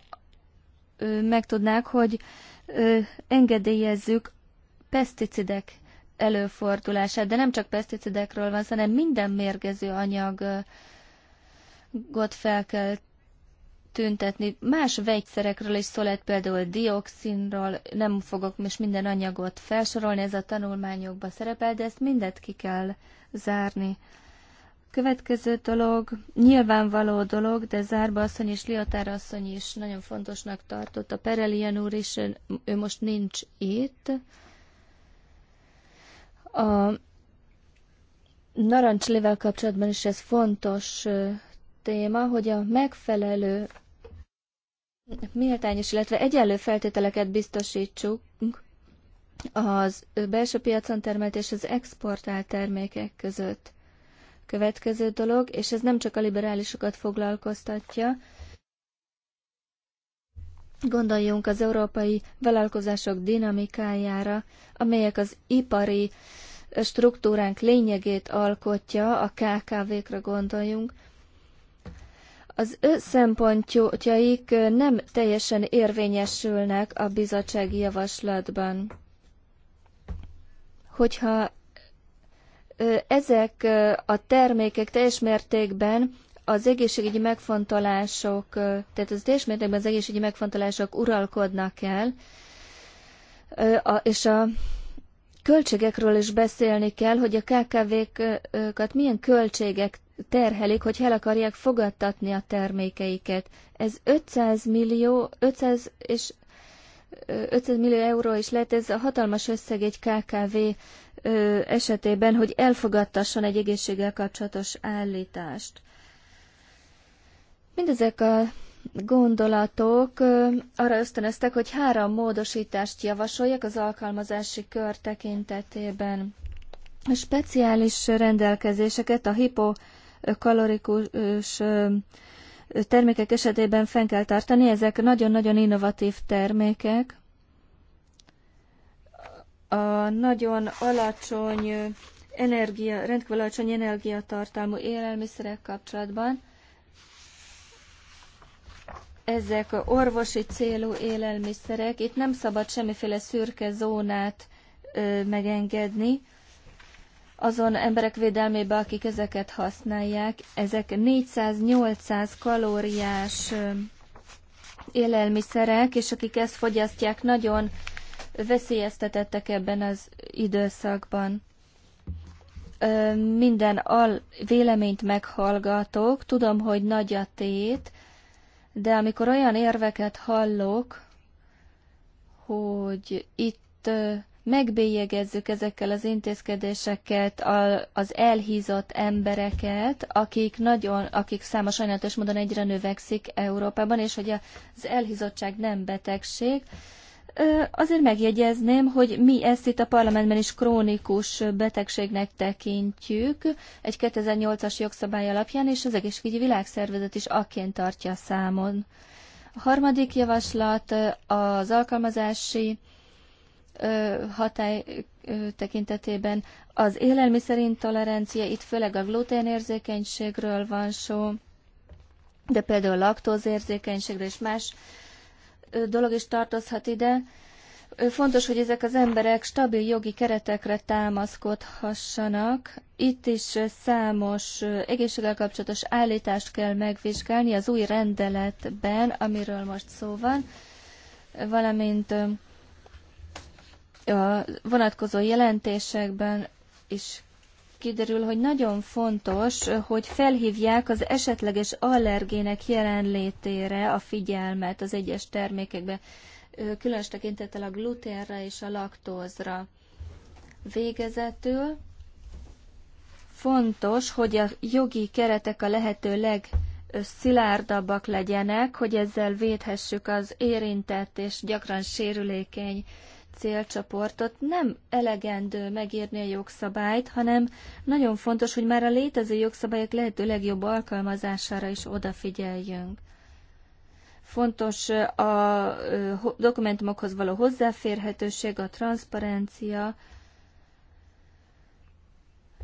ö, megtudnák, hogy ö, engedélyezzük peszticidek előfordulását, de nem csak peszticidekről van, hanem minden mérgező anyagot fel kell tüntetni. Más vegyszerekről is szó például dioxinról, nem fogok most minden anyagot felsorolni, ez a tanulmányokban szerepel, de ezt mindet ki kell zárni. Következő dolog, nyilvánvaló dolog, de Zárba asszony és Liatár asszony is nagyon fontosnak tartott. A Perelian úr is, ő most nincs itt. A narancslével kapcsolatban is ez fontos téma, hogy a megfelelő méltányos, illetve egyenlő feltételeket biztosítsuk az belső piacon termelt és az exportált termékek között következő dolog, és ez nem csak a liberálisokat foglalkoztatja, Gondoljunk az európai vállalkozások dinamikájára, amelyek az ipari struktúránk lényegét alkotja, a KKV-kra gondoljunk. Az ő szempontjaik nem teljesen érvényesülnek a bizottsági javaslatban. Hogyha ezek a termékek teljes mértékben az egészségügyi megfontolások, tehát az teljes mértékben az egészségügyi megfontolások uralkodnak el, és a költségekről is beszélni kell, hogy a KKV-kat milyen költségek terhelik, hogy el akarják fogadtatni a termékeiket. Ez 500 millió, 500 és 500 millió euró is lehet, ez a hatalmas összeg egy KKV esetében, hogy elfogadtasson egy egészséggel kapcsolatos állítást. Mindezek a gondolatok arra ösztönöztek, hogy három módosítást javasoljak az alkalmazási kör tekintetében. A speciális rendelkezéseket a hipokalorikus termékek esetében fenn kell tartani, ezek nagyon-nagyon innovatív termékek, a nagyon alacsony energia, rendkívül alacsony energiatartalmú élelmiszerek kapcsolatban. Ezek a orvosi célú élelmiszerek, itt nem szabad semmiféle szürke zónát ö, megengedni azon emberek védelmébe, akik ezeket használják. Ezek 400-800 kalóriás ö, élelmiszerek, és akik ezt fogyasztják, nagyon veszélyeztetettek ebben az időszakban. Minden al véleményt meghallgatok, tudom, hogy nagy a tét, de amikor olyan érveket hallok, hogy itt megbélyegezzük ezekkel az intézkedéseket az elhízott embereket, akik nagyon, akik száma sajnálatos módon egyre növekszik Európában, és hogy az elhízottság nem betegség, Azért megjegyezném, hogy mi ezt itt a parlamentben is krónikus betegségnek tekintjük egy 2008-as jogszabály alapján, és az egészségügyi világszervezet is akként tartja számon. A harmadik javaslat az alkalmazási hatály tekintetében az élelmiszerintolerancia, itt főleg a gluténérzékenységről van szó, de például a laktózérzékenységről és más dolog is tartozhat ide. Fontos, hogy ezek az emberek stabil jogi keretekre támaszkodhassanak. Itt is számos egészséggel kapcsolatos állítást kell megvizsgálni az új rendeletben, amiről most szó van, valamint a vonatkozó jelentésekben is kiderül, hogy nagyon fontos, hogy felhívják az esetleges allergének jelenlétére a figyelmet az egyes termékekbe, különös tekintettel a gluténre és a laktózra. Végezetül fontos, hogy a jogi keretek a lehető leg szilárdabbak legyenek, hogy ezzel védhessük az érintett és gyakran sérülékeny célcsoportot nem elegendő megírni a jogszabályt, hanem nagyon fontos, hogy már a létező jogszabályok lehető legjobb alkalmazására is odafigyeljünk. Fontos a dokumentumokhoz való hozzáférhetőség, a transzparencia,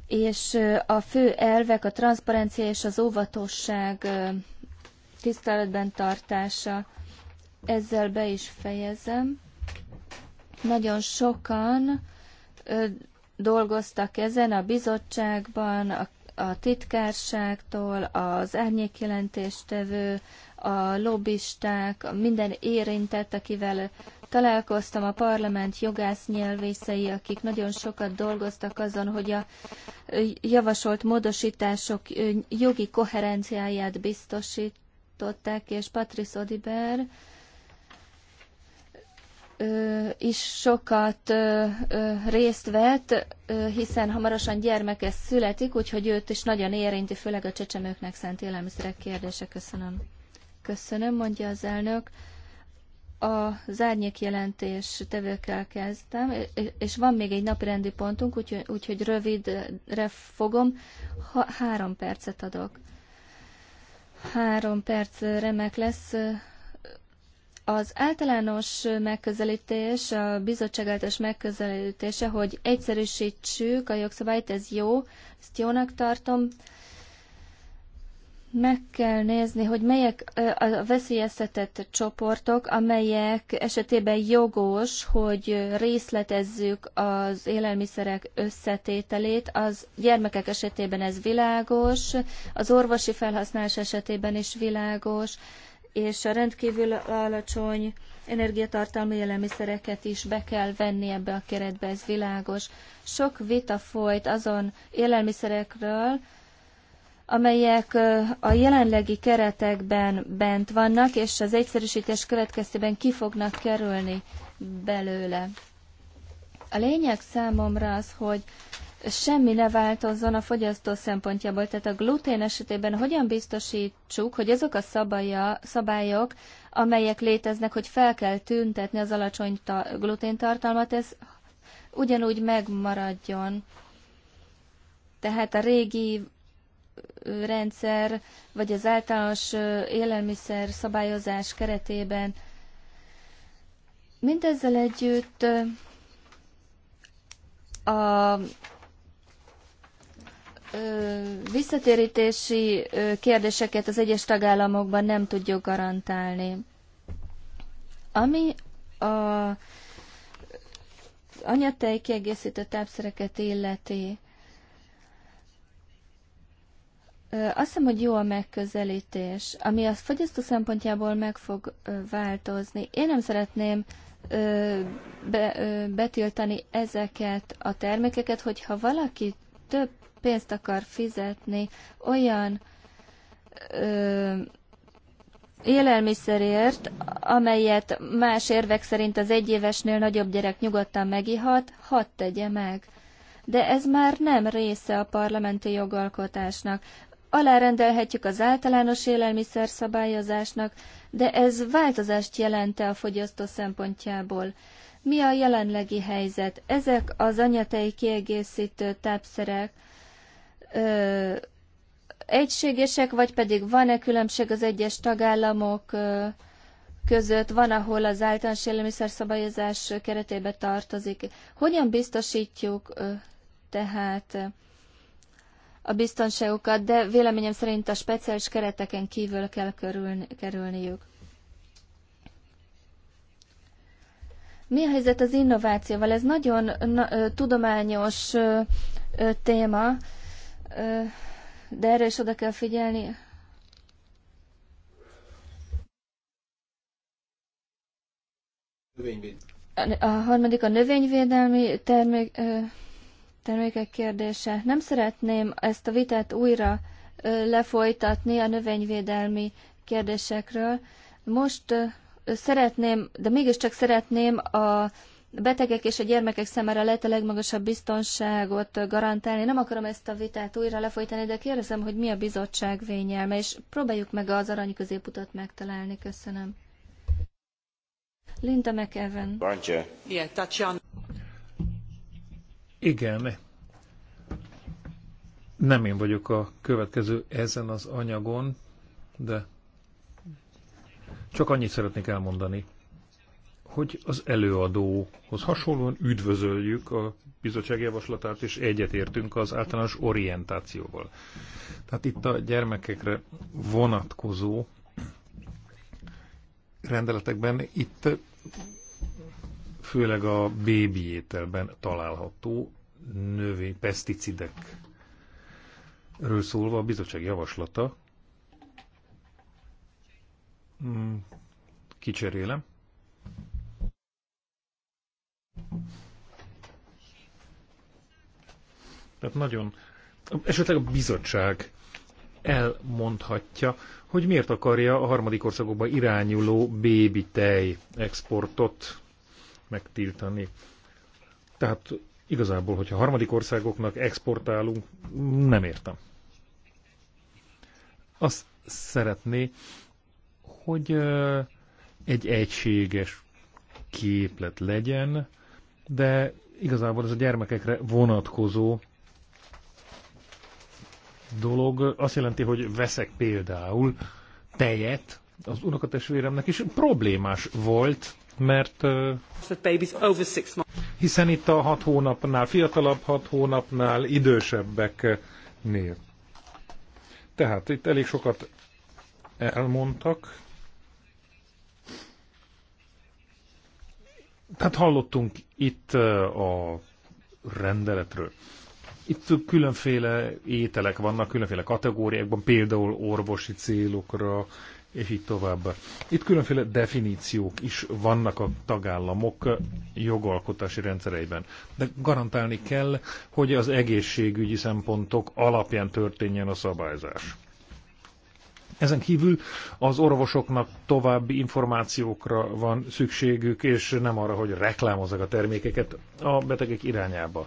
és a fő elvek a transzparencia és az óvatosság tiszteletben tartása. Ezzel be is fejezem. Nagyon sokan ö, dolgoztak ezen a bizottságban, a, a titkárságtól, az árnyékjelentéstevő, a lobbisták, minden érintett, akivel találkoztam, a parlament jogásznyelvészei, akik nagyon sokat dolgoztak azon, hogy a javasolt módosítások jogi koherenciáját biztosították, és Patrice Odiber, is sokat részt vett, hiszen hamarosan gyermeke születik, úgyhogy őt is nagyon érinti, főleg a csecsemőknek szánt élelmiszerek kérdése. Köszönöm. Köszönöm, mondja az elnök. A zárnyék jelentés tevőkkel kezdtem, és van még egy napirendi pontunk, úgyhogy, úgyhogy rövidre fogom. Ha, három percet adok. Három perc remek lesz. Az általános megközelítés, a bizottság általános megközelítése, hogy egyszerűsítsük a jogszabályt, ez jó, ezt jónak tartom. Meg kell nézni, hogy melyek a veszélyeztetett csoportok, amelyek esetében jogos, hogy részletezzük az élelmiszerek összetételét. Az gyermekek esetében ez világos, az orvosi felhasználás esetében is világos és a rendkívül alacsony energiatartalmú élelmiszereket is be kell venni ebbe a keretbe, ez világos. Sok vita folyt azon élelmiszerekről, amelyek a jelenlegi keretekben bent vannak, és az egyszerűsítés következtében ki fognak kerülni belőle. A lényeg számomra az, hogy semmi ne változzon a fogyasztó szempontjából. Tehát a glutén esetében hogyan biztosítsuk, hogy azok a szabálya, szabályok, amelyek léteznek, hogy fel kell tüntetni az alacsony ta- gluténtartalmat, ez ugyanúgy megmaradjon. Tehát a régi rendszer, vagy az általános élelmiszer szabályozás keretében mindezzel együtt a visszatérítési kérdéseket az egyes tagállamokban nem tudjuk garantálni. Ami a anyatej kiegészítő tápszereket illeti, azt hiszem, hogy jó a megközelítés, ami a fogyasztó szempontjából meg fog változni. Én nem szeretném be, betiltani ezeket a termékeket, hogyha valaki több pénzt akar fizetni olyan ö, élelmiszerért, amelyet más érvek szerint az egyévesnél nagyobb gyerek nyugodtan megihat, hadd tegye meg. De ez már nem része a parlamenti jogalkotásnak. Alárendelhetjük az általános élelmiszer szabályozásnak, de ez változást jelente a fogyasztó szempontjából. Mi a jelenlegi helyzet? Ezek az anyatei kiegészítő tápszerek ö, egységesek, vagy pedig van-e különbség az egyes tagállamok ö, között, van, ahol az általános élelmiszerszabályozás keretébe tartozik. Hogyan biztosítjuk ö, tehát a biztonságukat, de véleményem szerint a speciális kereteken kívül kell körülni, kerülniük. Mi a helyzet az innovációval? Ez nagyon na, tudományos ö, ö, téma de erre is oda kell figyelni. A harmadik a növényvédelmi termék, termékek kérdése. Nem szeretném ezt a vitát újra lefolytatni a növényvédelmi kérdésekről. Most szeretném, de mégiscsak szeretném a a betegek és a gyermekek számára lehet a legmagasabb biztonságot garantálni. Nem akarom ezt a vitát újra lefolytani, de kérdezem, hogy mi a bizottság vényelme, és próbáljuk meg az arany középutat megtalálni. Köszönöm. Linda McEwen. Yeah, Igen. Nem én vagyok a következő ezen az anyagon, de csak annyit szeretnék elmondani, hogy az előadóhoz hasonlóan üdvözöljük a bizottság javaslatát, és egyetértünk az általános orientációval. Tehát itt a gyermekekre vonatkozó rendeletekben itt főleg a bébi ételben található növény, peszticidek Erről szólva a bizottság javaslata. Hmm, kicserélem. Tehát nagyon, esetleg a bizottság elmondhatja, hogy miért akarja a harmadik országokba irányuló bébi tej exportot megtiltani. Tehát igazából, hogyha harmadik országoknak exportálunk, nem értem. Azt szeretné, hogy egy egységes képlet legyen de igazából ez a gyermekekre vonatkozó dolog azt jelenti, hogy veszek például tejet az unokatestvéremnek is problémás volt, mert hiszen itt a hat hónapnál, fiatalabb hat hónapnál idősebbeknél. Tehát itt elég sokat elmondtak, Tehát hallottunk itt a rendeletről. Itt különféle ételek vannak, különféle kategóriákban, például orvosi célokra, és így tovább. Itt különféle definíciók is vannak a tagállamok jogalkotási rendszereiben, de garantálni kell, hogy az egészségügyi szempontok alapján történjen a szabályzás. Ezen kívül az orvosoknak további információkra van szükségük, és nem arra, hogy reklámozzák a termékeket a betegek irányába.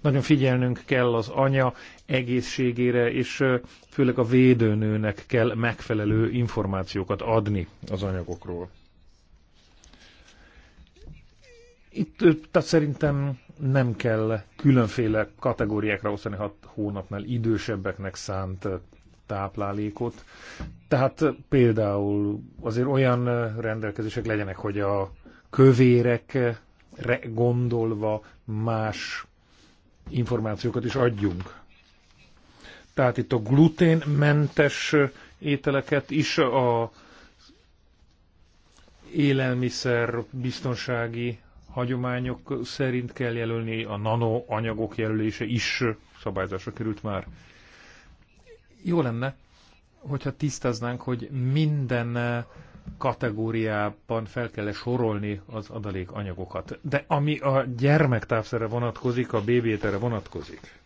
Nagyon figyelnünk kell az anya egészségére, és főleg a védőnőnek kell megfelelő információkat adni az anyagokról. Itt tehát szerintem nem kell különféle kategóriákra osztani hat hónapnál idősebbeknek szánt táplálékot. Tehát például azért olyan rendelkezések legyenek, hogy a kövérekre gondolva más információkat is adjunk. Tehát itt a gluténmentes ételeket is a élelmiszer biztonsági hagyományok szerint kell jelölni, a nanoanyagok jelölése is szabályzásra került már. Jó lenne, hogyha tisztáznánk, hogy minden eh, kategóriában fel kell -e sorolni az adalékanyagokat. De ami a gyermektávszere vonatkozik, a bébétere e e vonatkozik.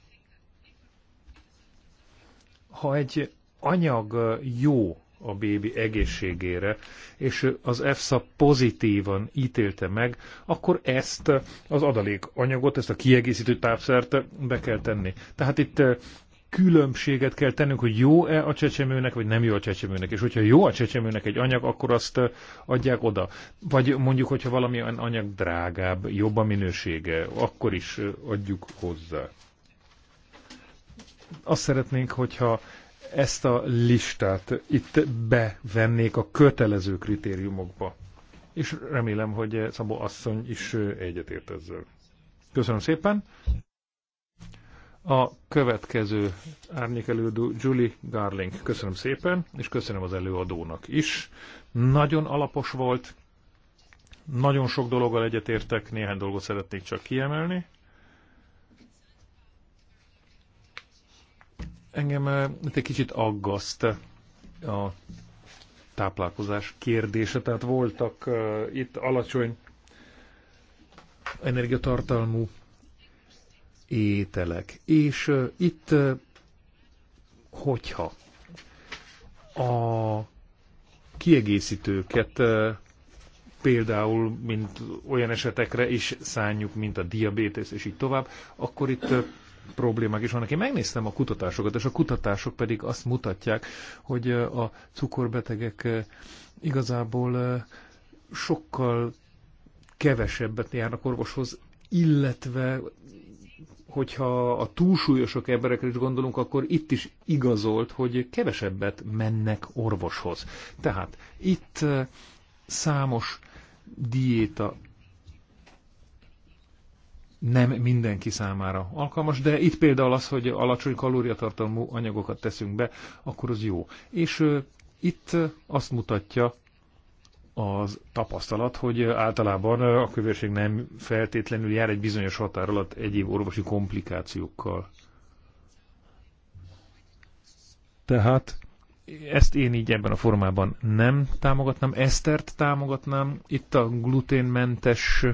Ha egy anyag jó a bébi egészségére, és az EFSA pozitívan ítélte meg, akkor ezt az adalékanyagot, ezt a kiegészítő tápszert be kell tenni. Tehát itt eh, különbséget kell tennünk, hogy jó-e a csecsemőnek, vagy nem jó a csecsemőnek. És hogyha jó a csecsemőnek egy anyag, akkor azt adják oda. Vagy mondjuk, hogyha valami anyag drágább, jobb a minősége, akkor is adjuk hozzá. Azt szeretnénk, hogyha ezt a listát itt bevennék a kötelező kritériumokba. És remélem, hogy Szabó asszony is egyetért ezzel. Köszönöm szépen! A következő előadó Julie Garling. Köszönöm szépen, és köszönöm az előadónak is. Nagyon alapos volt, nagyon sok dologgal egyetértek, néhány dolgot szeretnék csak kiemelni. Engem eh, egy kicsit aggaszt a táplálkozás kérdése, tehát voltak uh, itt alacsony energiatartalmú ételek. És itt, hogyha a kiegészítőket például mint olyan esetekre is szánjuk, mint a diabétesz és így tovább, akkor itt problémák is vannak. Én megnéztem a kutatásokat, és a kutatások pedig azt mutatják, hogy a cukorbetegek igazából sokkal kevesebbet járnak orvoshoz, illetve hogyha a túlsúlyosok emberekre is gondolunk, akkor itt is igazolt, hogy kevesebbet mennek orvoshoz. Tehát itt eh, számos diéta nem mindenki számára alkalmas, de itt például az, hogy alacsony kalóriatartalmú anyagokat teszünk be, akkor az jó. És eh, itt azt mutatja az tapasztalat, hogy általában a kövérség nem feltétlenül jár egy bizonyos határ alatt egyéb orvosi komplikációkkal. Tehát ezt én így ebben a formában nem támogatnám, esztert támogatnám. Itt a gluténmentes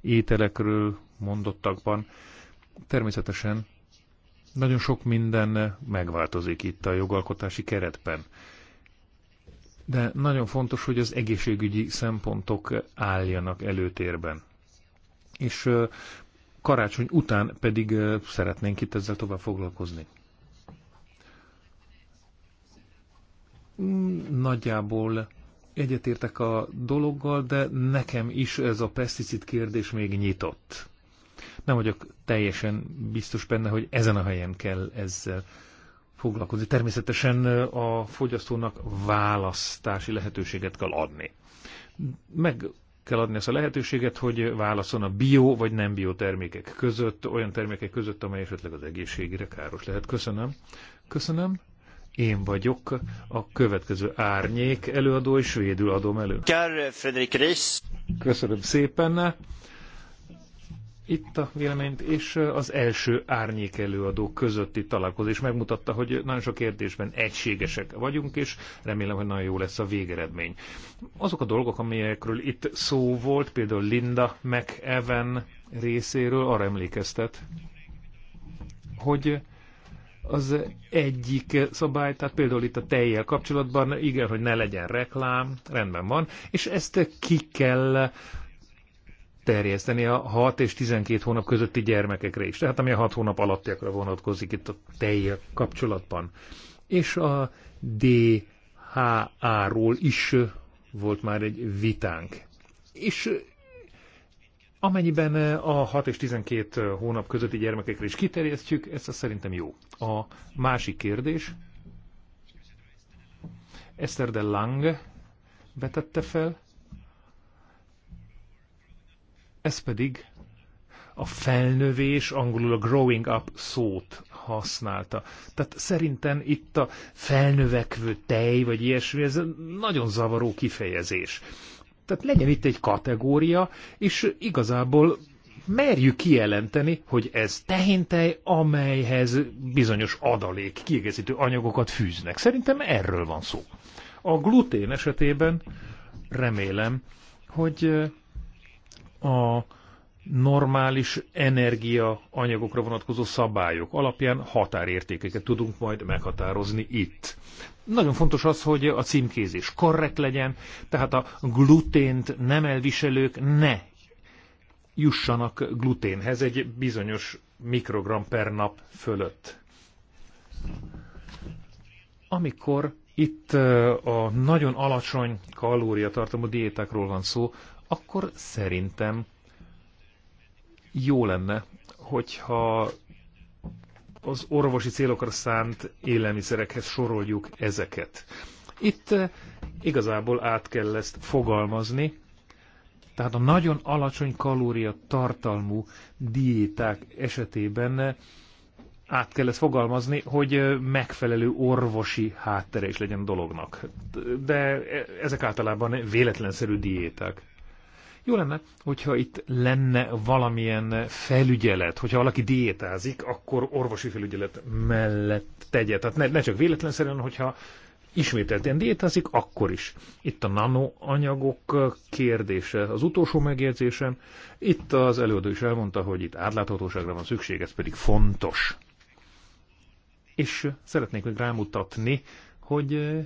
ételekről mondottakban természetesen nagyon sok minden megváltozik itt a jogalkotási keretben de nagyon fontos, hogy az egészségügyi szempontok álljanak előtérben. És karácsony után pedig szeretnénk itt ezzel tovább foglalkozni. Mm, nagyjából egyetértek a dologgal, de nekem is ez a peszticid kérdés még nyitott. Nem vagyok teljesen biztos benne, hogy ezen a helyen kell ezzel foglalkozni. Természetesen a fogyasztónak választási lehetőséget kell adni. Meg kell adni ezt a lehetőséget, hogy válaszol a bio vagy nem bio termékek között, olyan termékek között, amely esetleg az egészségére káros lehet. Köszönöm. Köszönöm. Én vagyok a következő árnyék előadó, és svédül adom elő. Köszönöm szépen itt a véleményt, és az első árnyék előadó közötti találkozás megmutatta, hogy nagyon sok kérdésben egységesek vagyunk, és remélem, hogy nagyon jó lesz a végeredmény. Azok a dolgok, amelyekről itt szó volt, például Linda McEwen részéről arra emlékeztet, hogy az egyik szabály, tehát például itt a tejjel kapcsolatban, igen, hogy ne legyen reklám, rendben van, és ezt ki kell terjeszteni a 6 és 12 hónap közötti gyermekekre is, tehát ami a 6 hónap alattiakra vonatkozik itt a teljes kapcsolatban. És a DHA-ról is volt már egy vitánk. És amennyiben a 6 és 12 hónap közötti gyermekekre is kiterjesztjük, ez szerintem jó. A másik kérdés, Eszter de Lang vetette fel, ez pedig a felnövés, angolul a growing up szót használta. Tehát szerintem itt a felnövekvő tej, vagy ilyesmi, ez nagyon zavaró kifejezés. Tehát legyen itt egy kategória, és igazából merjük kijelenteni, hogy ez tehintej, amelyhez bizonyos adalék, kiegészítő anyagokat fűznek. Szerintem erről van szó. A glutén esetében remélem, hogy a normális energiaanyagokra vonatkozó szabályok alapján határértékeket tudunk majd meghatározni itt. Nagyon fontos az, hogy a címkézés korrekt legyen, tehát a glutént nem elviselők ne jussanak gluténhez egy bizonyos mikrogram per nap fölött. Amikor itt a nagyon alacsony kalóriatartalmú diétákról van szó, akkor szerintem jó lenne, hogyha az orvosi célokra szánt élelmiszerekhez soroljuk ezeket. Itt eh, igazából át kell ezt fogalmazni, tehát a nagyon alacsony kalória tartalmú diéták esetében eh, át kell ezt fogalmazni, hogy eh, megfelelő orvosi háttere is legyen dolognak. De ezek általában véletlenszerű diéták. Jó lenne, hogyha itt lenne valamilyen felügyelet, hogyha valaki diétázik, akkor orvosi felügyelet mellett tegye. Tehát ne, ne csak véletlenszerűen, hogyha ismételten diétázik, akkor is. Itt a nanoanyagok kérdése, az utolsó megjegyzésem. Itt az előadó is elmondta, hogy itt átláthatóságra van szükség, ez pedig fontos. És szeretnék még rámutatni, hogy eh,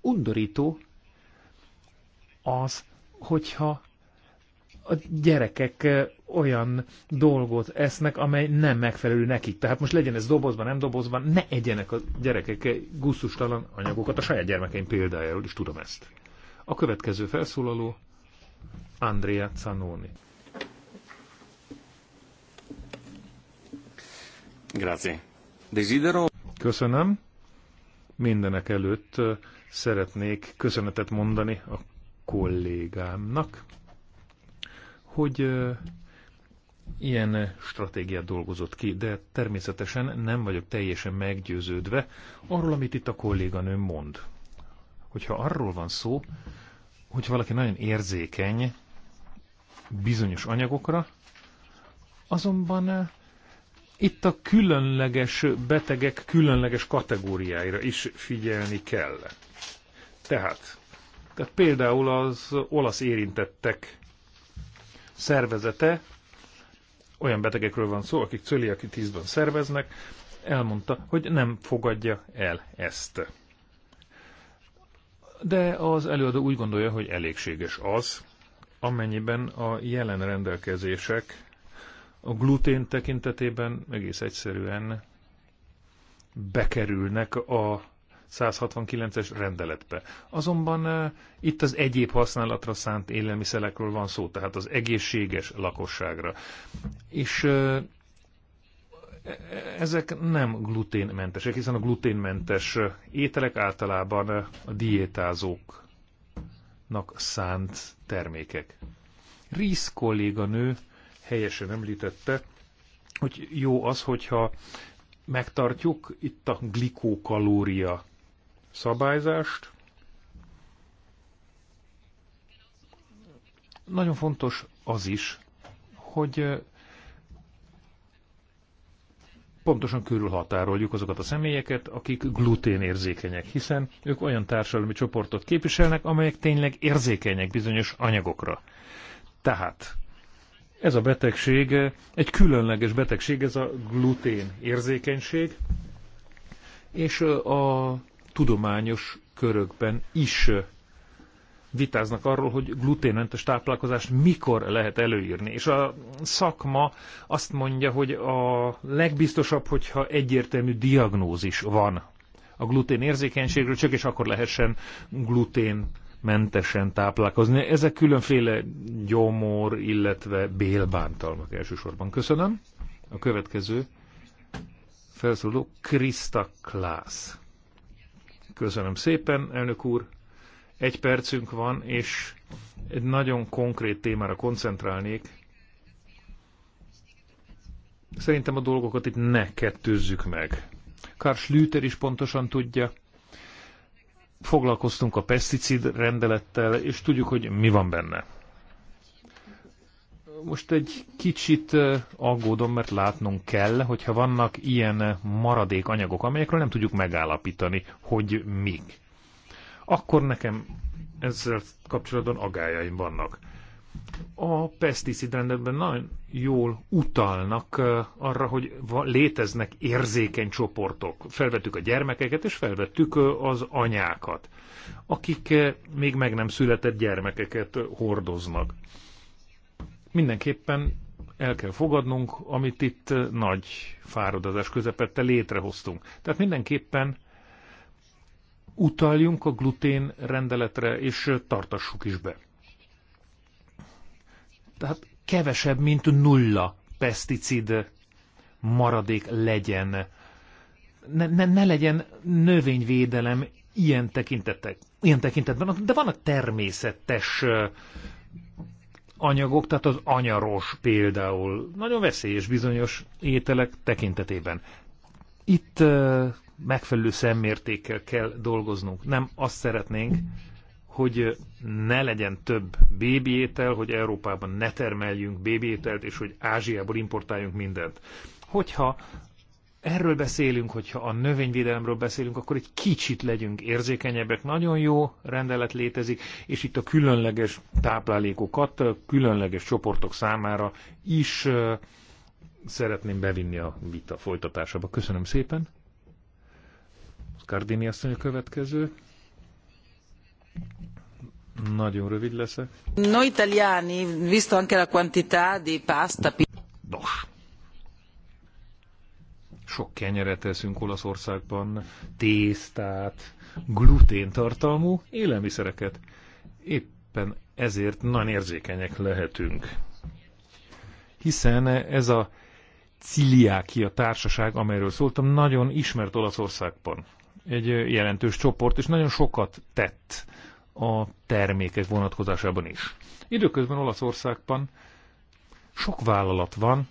undorító az, hogyha a gyerekek olyan dolgot esznek, amely nem megfelelő nekik. Tehát most legyen ez dobozban, nem dobozban, ne egyenek a gyerekek gusztustalan anyagokat. A saját gyermekeim példájáról is tudom ezt. A következő felszólaló Andrea Zanoni. Grazie. Desidero... Köszönöm. Mindenek előtt szeretnék köszönetet mondani a kollégámnak, hogy ilyen stratégiát dolgozott ki, de természetesen nem vagyok teljesen meggyőződve arról, amit itt a kolléganő mond. Hogyha arról van szó, hogy valaki nagyon érzékeny bizonyos anyagokra, azonban itt a különleges betegek különleges kategóriáira is figyelni kell. Tehát, tehát például az olasz érintettek szervezete, olyan betegekről van szó, akik cöliaki tízben szerveznek, elmondta, hogy nem fogadja el ezt. De az előadó úgy gondolja, hogy elégséges az, amennyiben a jelen rendelkezések a glutén tekintetében egész egyszerűen bekerülnek a 169-es rendeletbe. Azonban eh, itt az egyéb használatra szánt élelmiszerekről van szó, tehát az egészséges lakosságra. És eh, e-, ezek nem gluténmentesek, hiszen a gluténmentes eh, ételek általában a diétázóknak szánt termékek. Rész kolléganő helyesen említette, hogy jó az, hogyha megtartjuk itt a glikókalória szabályzást. Nagyon fontos az is, hogy pontosan körülhatároljuk azokat a személyeket, akik gluténérzékenyek, hiszen ők olyan társadalmi csoportot képviselnek, amelyek tényleg érzékenyek bizonyos anyagokra. Tehát ez a betegség egy különleges betegség, ez a glutén érzékenység, és a tudományos körökben is vitáznak arról, hogy gluténmentes táplálkozást mikor lehet előírni. És a szakma azt mondja, hogy a legbiztosabb, hogyha egyértelmű diagnózis van a glutén érzékenységről, csak és akkor lehessen glutén mentesen táplálkozni. Ezek különféle gyomor, illetve bélbántalmak elsősorban. Köszönöm. A következő felszóló Krista Klász. Köszönöm szépen, elnök úr. Egy percünk van, és egy nagyon konkrét témára koncentrálnék. Szerintem a dolgokat itt ne kettőzzük meg. Karl Schlüter is pontosan tudja. Foglalkoztunk a peszticid rendelettel, és tudjuk, hogy mi van benne most egy kicsit aggódom, mert látnunk kell, hogyha vannak ilyen maradék anyagok, amelyekről nem tudjuk megállapítani, hogy mik. Akkor nekem ezzel kapcsolatban agályaim vannak. A rendben nagyon jól utalnak arra, hogy léteznek érzékeny csoportok. Felvettük a gyermekeket, és felvettük az anyákat, akik még meg nem született gyermekeket hordoznak mindenképpen el kell fogadnunk, amit itt nagy fáradozás közepette létrehoztunk. Tehát mindenképpen utaljunk a glutén rendeletre, és tartassuk is be. Tehát kevesebb, mint nulla peszticid maradék legyen. Ne, ne, ne legyen növényvédelem ilyen, ilyen tekintetben, de van a természetes anyagok, tehát az anyaros például nagyon veszélyes bizonyos ételek tekintetében. Itt megfelelő szemmértékkel kell dolgoznunk. Nem azt szeretnénk, hogy ne legyen több bébiétel, hogy Európában ne termeljünk bébiételt, és hogy Ázsiából importáljunk mindent. Hogyha erről beszélünk, hogyha a növényvédelemről beszélünk, akkor egy kicsit legyünk érzékenyebbek. Nagyon jó rendelet létezik, és itt a különleges táplálékokat különleges csoportok számára is szeretném bevinni a vita folytatásába. Köszönöm szépen. Kardini asszony a következő. Nagyon rövid leszek. Noi italiani, visto anche la quantità di pasta... Nos, sok kenyeret eszünk Olaszországban, tésztát, gluténtartalmú élelmiszereket. Éppen ezért nagyon érzékenyek lehetünk. Hiszen ez a ciliákia társaság, amelyről szóltam, nagyon ismert Olaszországban. Egy jelentős csoport, és nagyon sokat tett a termékek vonatkozásában is. Időközben Olaszországban sok vállalat van,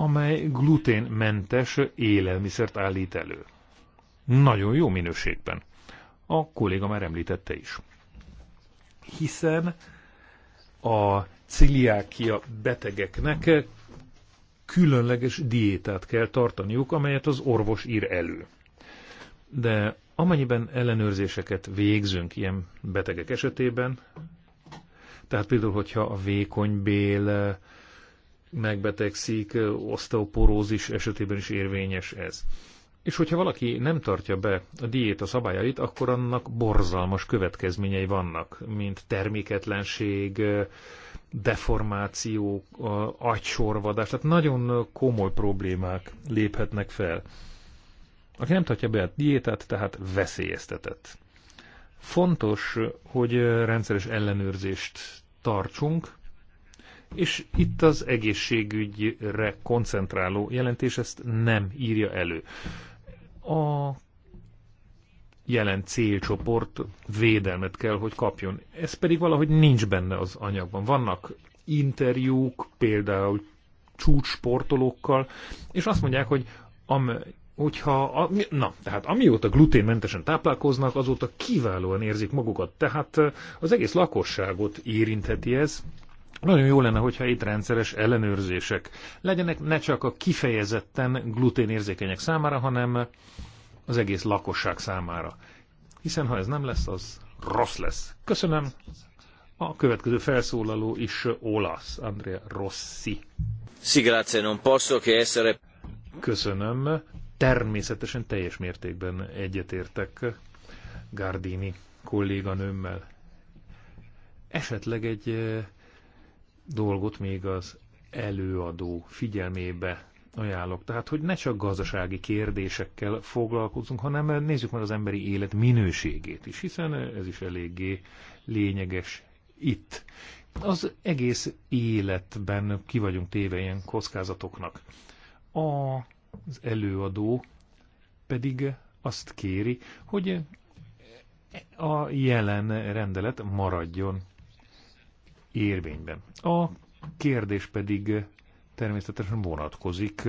amely gluténmentes élelmiszert állít elő. Nagyon jó minőségben. A kolléga már említette is. Hiszen a ciliákia betegeknek különleges diétát kell tartaniuk, amelyet az orvos ír elő. De amennyiben ellenőrzéseket végzünk ilyen betegek esetében, tehát például, hogyha a vékonybél megbetegszik, osteoporózis esetében is érvényes ez. És hogyha valaki nem tartja be a diéta szabályait, akkor annak borzalmas következményei vannak, mint terméketlenség, deformáció, agysorvadás, tehát nagyon komoly problémák léphetnek fel. Aki nem tartja be a diétát, tehát veszélyeztetett. Fontos, hogy rendszeres ellenőrzést tartsunk, és itt az egészségügyre koncentráló jelentés ezt nem írja elő. A jelen célcsoport védelmet kell, hogy kapjon. Ez pedig valahogy nincs benne az anyagban. Vannak interjúk, például csúcsportolókkal, és azt mondják, hogy am, hogyha, a, na, tehát amióta gluténmentesen táplálkoznak, azóta kiválóan érzik magukat. Tehát az egész lakosságot érintheti ez, nagyon jó lenne, hogyha itt rendszeres ellenőrzések legyenek, ne csak a kifejezetten gluténérzékenyek számára, hanem az egész lakosság számára. Hiszen ha ez nem lesz, az rossz lesz. Köszönöm. A következő felszólaló is olasz, Andrea Rossi. Sì, grazie, non posso che essere... Köszönöm. Természetesen teljes mértékben egyetértek Gardini kolléganőmmel. Esetleg egy eh, dolgot még az előadó figyelmébe ajánlok. Tehát, hogy ne csak gazdasági kérdésekkel foglalkozunk, hanem nézzük meg az emberi élet minőségét is, hiszen ez is eléggé lényeges itt. Az egész életben ki vagyunk téve ilyen kockázatoknak. A, az előadó pedig azt kéri, hogy a jelen rendelet maradjon érvényben. A kérdés pedig természetesen vonatkozik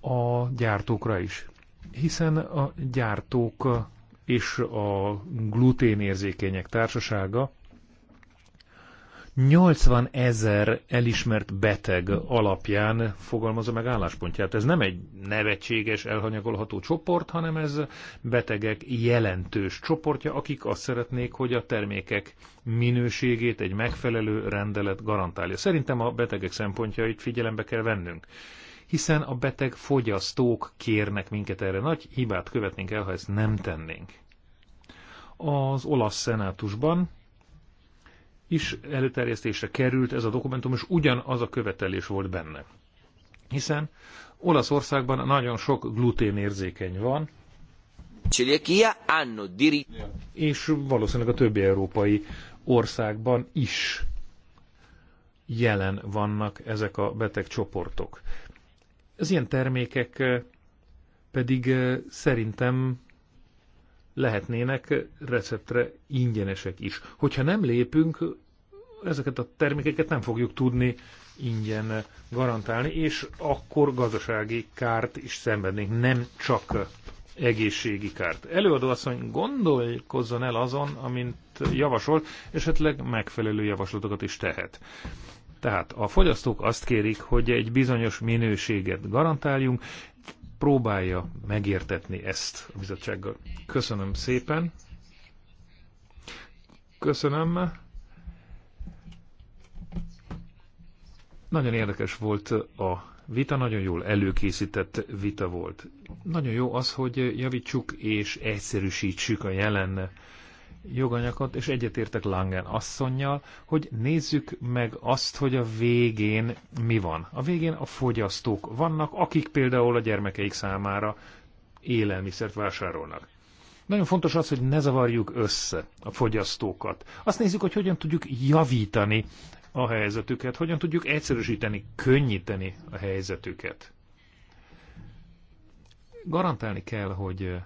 a gyártókra is, hiszen a gyártók és a gluténérzékenyek társasága 80 ezer elismert beteg alapján fogalmazza meg álláspontját. Ez nem egy nevetséges, elhanyagolható csoport, hanem ez betegek jelentős csoportja, akik azt szeretnék, hogy a termékek minőségét egy megfelelő rendelet garantálja. Szerintem a betegek szempontjait figyelembe kell vennünk hiszen a beteg fogyasztók kérnek minket erre. Nagy hibát követnénk el, ha ezt nem tennénk. Az olasz szenátusban is előterjesztésre került ez a dokumentum, és ugyanaz a követelés volt benne. Hiszen Olaszországban nagyon sok gluténérzékeny van, és valószínűleg a többi európai országban is jelen vannak ezek a beteg csoportok. Az ilyen termékek eh, pedig eh, szerintem lehetnének receptre ingyenesek is. Hogyha nem lépünk, ezeket a termékeket nem fogjuk tudni ingyen garantálni, és akkor gazdasági kárt is szenvednénk, nem csak egészségi kárt. Előadó asszony gondolkozzon el azon, amint javasol, esetleg megfelelő javaslatokat is tehet. Tehát a fogyasztók azt kérik, hogy egy bizonyos minőséget garantáljunk, próbálja megértetni ezt a bizottsággal. Köszönöm szépen. Köszönöm. Nagyon érdekes volt a vita, nagyon jól előkészített vita volt. Nagyon jó az, hogy javítsuk és egyszerűsítsük a jelen joganyagot, és egyetértek Langen asszonynal, hogy nézzük meg azt, hogy a végén mi van. A végén a fogyasztók vannak, akik például a gyermekeik számára élelmiszert vásárolnak. Nagyon fontos az, hogy ne zavarjuk össze a fogyasztókat. Azt nézzük, hogy hogyan tudjuk javítani a helyzetüket, hogyan tudjuk egyszerűsíteni, könnyíteni a helyzetüket. Garantálni kell, hogy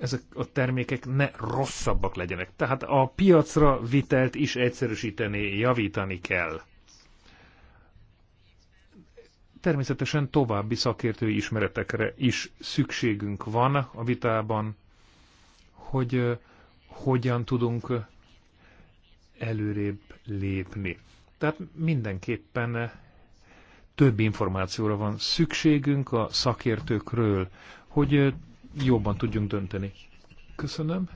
ezek a termékek ne rosszabbak legyenek. Tehát a piacra vitelt is egyszerűsíteni, javítani kell. Természetesen további szakértői ismeretekre is szükségünk van a vitában, hogy hogyan tudunk előrébb lépni. Tehát mindenképpen több információra van szükségünk a szakértőkről, hogy jobban tudjunk dönteni. Köszönöm.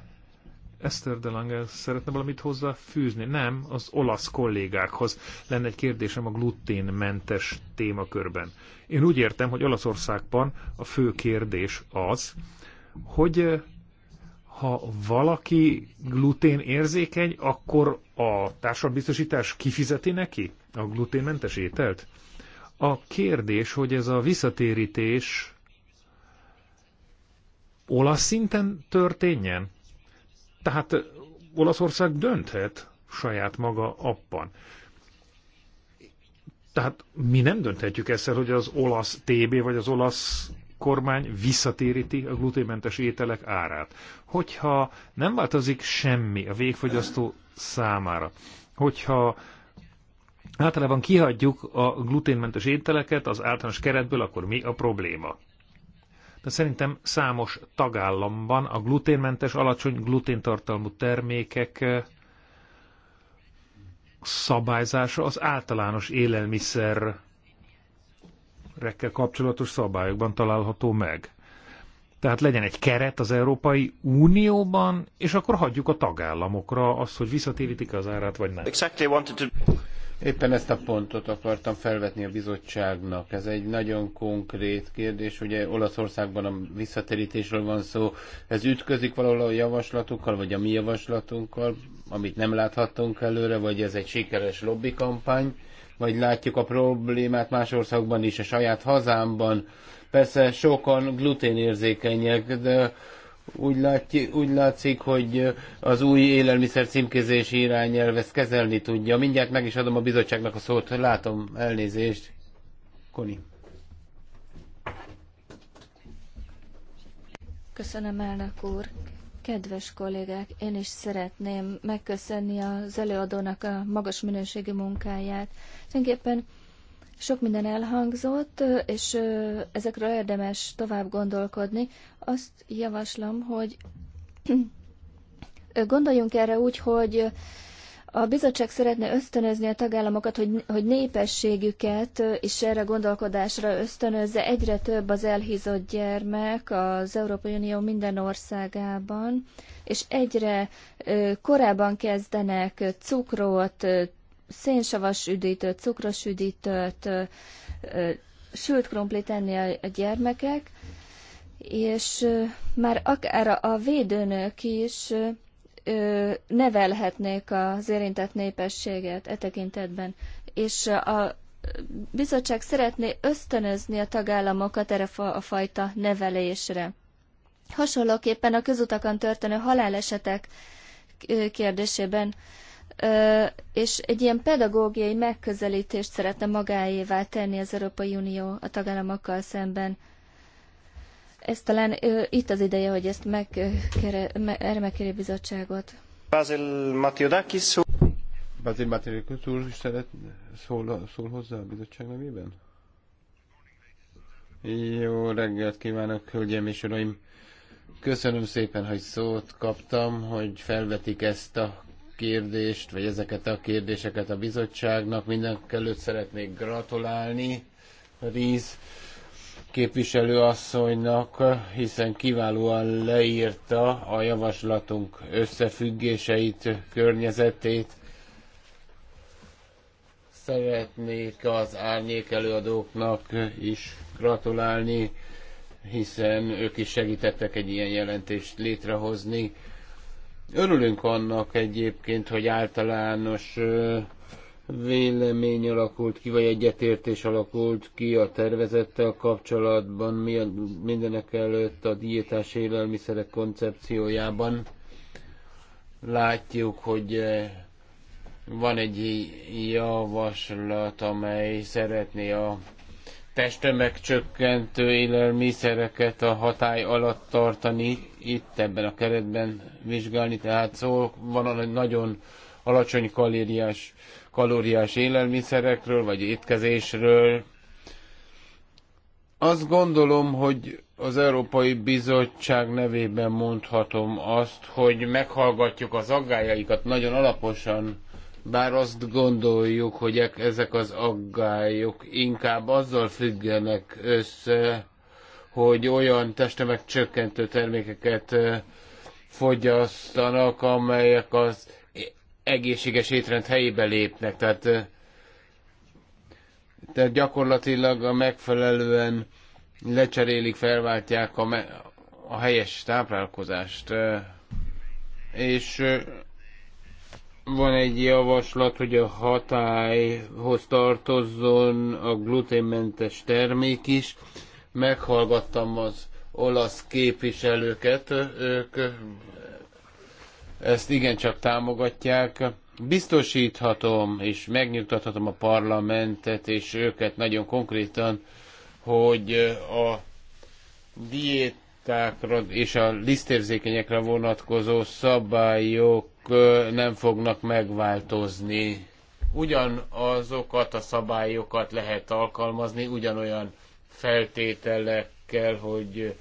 Eszter de Lange szeretne valamit hozzáfűzni? Nem, az olasz kollégákhoz lenne egy kérdésem a gluténmentes témakörben. Én úgy értem, hogy Olaszországban a fő kérdés az, hogy eh, ha valaki glutén érzékeny, akkor a társadalmbiztosítás kifizeti neki a gluténmentes ételt? A kérdés, hogy ez a visszatérítés olasz szinten történjen? Tehát Olaszország dönthet saját maga abban. Tehát mi nem dönthetjük ezzel, hogy az olasz TB vagy az olasz kormány visszatéríti a gluténmentes ételek árát. Hogyha nem változik semmi a végfogyasztó számára, hogyha általában kihagyjuk a gluténmentes ételeket az általános keretből, akkor mi a probléma? Szerintem számos tagállamban a gluténmentes, alacsony gluténtartalmú termékek szabályzása az általános élelmiszerekkel kapcsolatos szabályokban található meg. Tehát legyen egy keret az Európai Unióban, és akkor hagyjuk a tagállamokra azt, hogy visszatérítik az árát, vagy nem. Éppen ezt a pontot akartam felvetni a bizottságnak. Ez egy nagyon konkrét kérdés. Ugye Olaszországban a visszatérítésről van szó. Ez ütközik valahol a javaslatukkal, vagy a mi javaslatunkkal, amit nem láthattunk előre, vagy ez egy sikeres lobbykampány? vagy látjuk a problémát más országban is, a saját hazámban. Persze sokan gluténérzékenyek, de úgy, látjuk, úgy látszik, hogy az új élelmiszer címkézési irányelv ezt kezelni tudja. Mindjárt meg is adom a bizottságnak a szót, látom, elnézést. Koni. Köszönöm, elnök úr. Kedves kollégák, én is szeretném megköszönni az előadónak a magas minőségi munkáját. Tulajdonképpen sok minden elhangzott, és ezekről érdemes tovább gondolkodni. Azt javaslom, hogy gondoljunk erre úgy, hogy a bizottság szeretne ösztönözni a tagállamokat, hogy, hogy népességüket és erre gondolkodásra ösztönözze. Egyre több az elhízott gyermek az Európai Unió minden országában, és egyre korábban kezdenek cukrot, szénsavas üdítőt, cukros üdítőt, sült krumplit enni a gyermekek, és már akár a védőnök is nevelhetnék az érintett népességet e tekintetben. És a bizottság szeretné ösztönözni a tagállamokat erre a fajta nevelésre. Hasonlóképpen a közutakon történő halálesetek kérdésében és egy ilyen pedagógiai megközelítést szeretne magáévá tenni az Európai Unió a tagállamokkal szemben ez talán ö, itt az ideje, hogy ezt meg, me, erre megkérje bizottságot. Basil Matiodakis szó. Basil Matiodakis úr is szól, szól hozzá a bizottság nevében? Jó reggelt kívánok, hölgyeim és uraim! Köszönöm szépen, hogy szót kaptam, hogy felvetik ezt a kérdést, vagy ezeket a kérdéseket a bizottságnak. Mindenek előtt szeretnék gratulálni, Ríz képviselő asszonynak, hiszen kiválóan leírta a javaslatunk összefüggéseit, környezetét. Szeretnék az árnyék előadóknak is gratulálni, hiszen ők is segítettek egy ilyen jelentést létrehozni. Örülünk annak egyébként, hogy általános vélemény alakult ki, vagy egyetértés alakult ki a tervezettel kapcsolatban, mi a, mindenek előtt a diétás élelmiszerek koncepciójában. Látjuk, hogy eh, van egy javaslat, amely szeretné a csökkentő élelmiszereket a hatály alatt tartani, itt ebben a keretben vizsgálni, tehát szó van egy nagyon alacsony kalériás kalóriás élelmiszerekről, vagy étkezésről. Azt gondolom, hogy az Európai Bizottság nevében mondhatom azt, hogy meghallgatjuk az aggályaikat nagyon alaposan, bár azt gondoljuk, hogy e- ezek az aggályok inkább azzal függenek össze, hogy olyan testemek csökkentő termékeket fogyasztanak, amelyek az egészséges étrend helyébe lépnek. Tehát, tehát gyakorlatilag a megfelelően lecserélik, felváltják a, me- a helyes táplálkozást. És van egy javaslat, hogy a hatályhoz tartozzon a gluténmentes termék is. Meghallgattam az olasz képviselőket, ők ezt igencsak támogatják. Biztosíthatom és megnyugtathatom a parlamentet és őket nagyon konkrétan, hogy a diétákra és a lisztérzékenyekre vonatkozó szabályok nem fognak megváltozni. Ugyanazokat a szabályokat lehet alkalmazni, ugyanolyan feltételekkel, hogy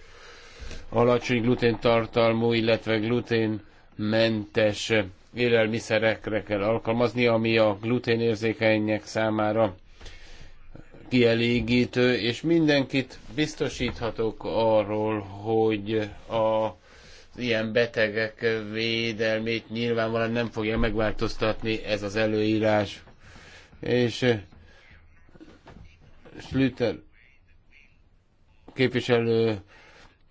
alacsony glutén tartalmú illetve glutén mentes élelmiszerekre kell alkalmazni, ami a gluténérzékenyek számára kielégítő, és mindenkit biztosíthatok arról, hogy a ilyen betegek védelmét nyilvánvalóan nem fogja megváltoztatni ez az előírás. És eh, Schlüter képviselő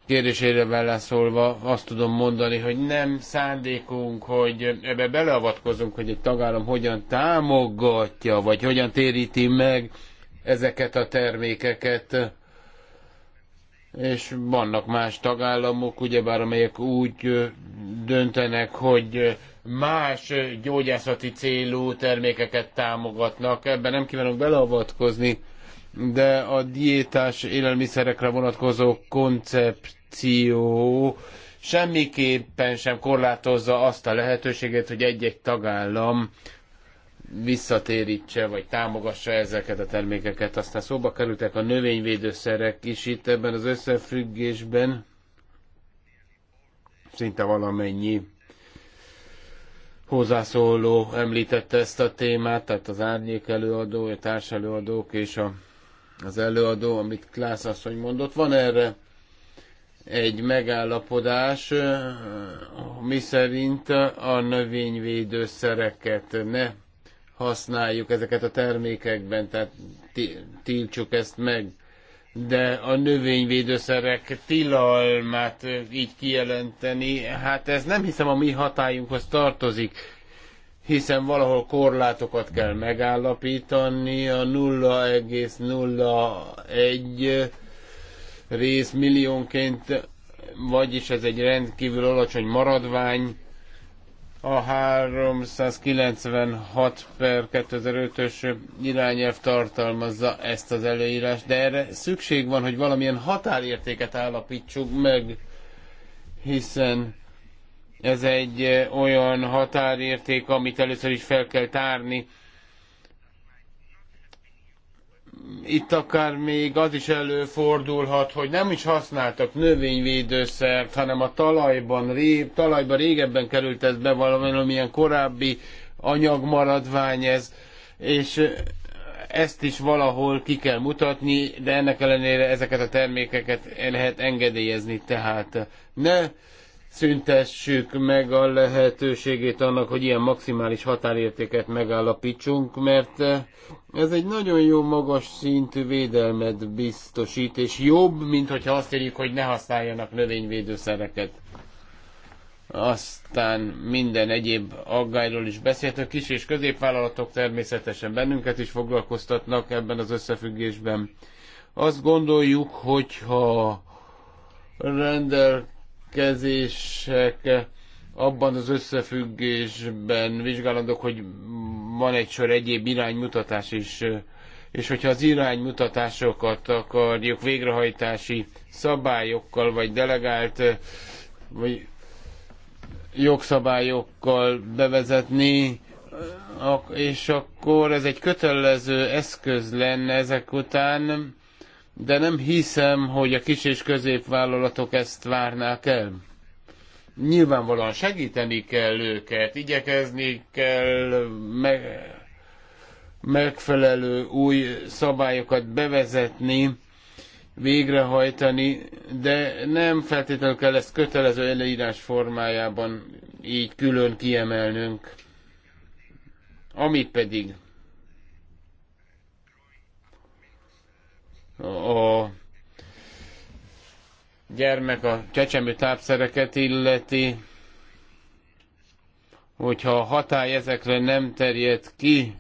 kérdésére válaszolva azt tudom mondani, hogy nem szándékunk, hogy ebbe beleavatkozunk, hogy egy tagállam hogyan támogatja, vagy hogyan téríti meg ezeket a termékeket. És vannak más tagállamok, ugyebár amelyek úgy döntenek, hogy más gyógyászati célú termékeket támogatnak. Ebben nem kívánok beleavatkozni de a diétás élelmiszerekre vonatkozó koncepció semmiképpen sem korlátozza azt a lehetőséget, hogy egy-egy tagállam visszatérítse, vagy támogassa ezeket a termékeket. Aztán szóba kerültek a növényvédőszerek is itt ebben az összefüggésben. Szinte valamennyi hozzászóló említette ezt a témát, tehát az árnyék előadó, a társelőadók és a az előadó, amit Klász asszony mondott. Van erre egy megállapodás, eh, mi szerint a növényvédőszereket ne használjuk ezeket a termékekben, tehát tiltsuk ezt meg. De a növényvédőszerek tilalmát eh, így kijelenteni, hát ez nem hiszem a mi hatályunkhoz tartozik hiszen valahol korlátokat kell megállapítani, a 0,01 rész milliónként, vagyis ez egy rendkívül alacsony maradvány, a 396 per 2005-ös irányelv tartalmazza ezt az előírás, de erre szükség van, hogy valamilyen határértéket állapítsuk meg, hiszen ez egy eh, olyan határérték, amit először is fel kell tárni. Itt akár még az is előfordulhat, hogy nem is használtak növényvédőszert, hanem a talajban, ré, talajban régebben került ez be valamilyen korábbi anyagmaradvány ez, és eh, ezt is valahol ki kell mutatni, de ennek ellenére ezeket a termékeket lehet engedélyezni, tehát eh, ne szüntessük meg a lehetőségét annak, hogy ilyen maximális határértéket megállapítsunk, mert eh, ez egy nagyon jó magas szintű védelmet biztosít, és jobb, mint hogyha azt érjük, hogy ne használjanak növényvédőszereket. Aztán minden egyéb aggályról is beszéltünk, kis és középvállalatok természetesen bennünket is foglalkoztatnak ebben az összefüggésben. Azt gondoljuk, hogyha rendel kezések abban az összefüggésben vizsgálandók, hogy van egy sor egyéb iránymutatás is, és hogyha az iránymutatásokat akarjuk végrehajtási szabályokkal, vagy delegált, vagy jogszabályokkal bevezetni, és akkor ez egy kötelező eszköz lenne ezek után, de nem hiszem, hogy a kis és középvállalatok ezt várnák el. Nyilvánvalóan segíteni kell őket, igyekezni kell megfelelő új szabályokat bevezetni, végrehajtani, de nem feltétlenül kell ezt kötelező előírás formájában így külön kiemelnünk. Amit pedig a gyermek a csecsemő tápszereket illeti, hogyha a hatály ezekre nem terjed ki,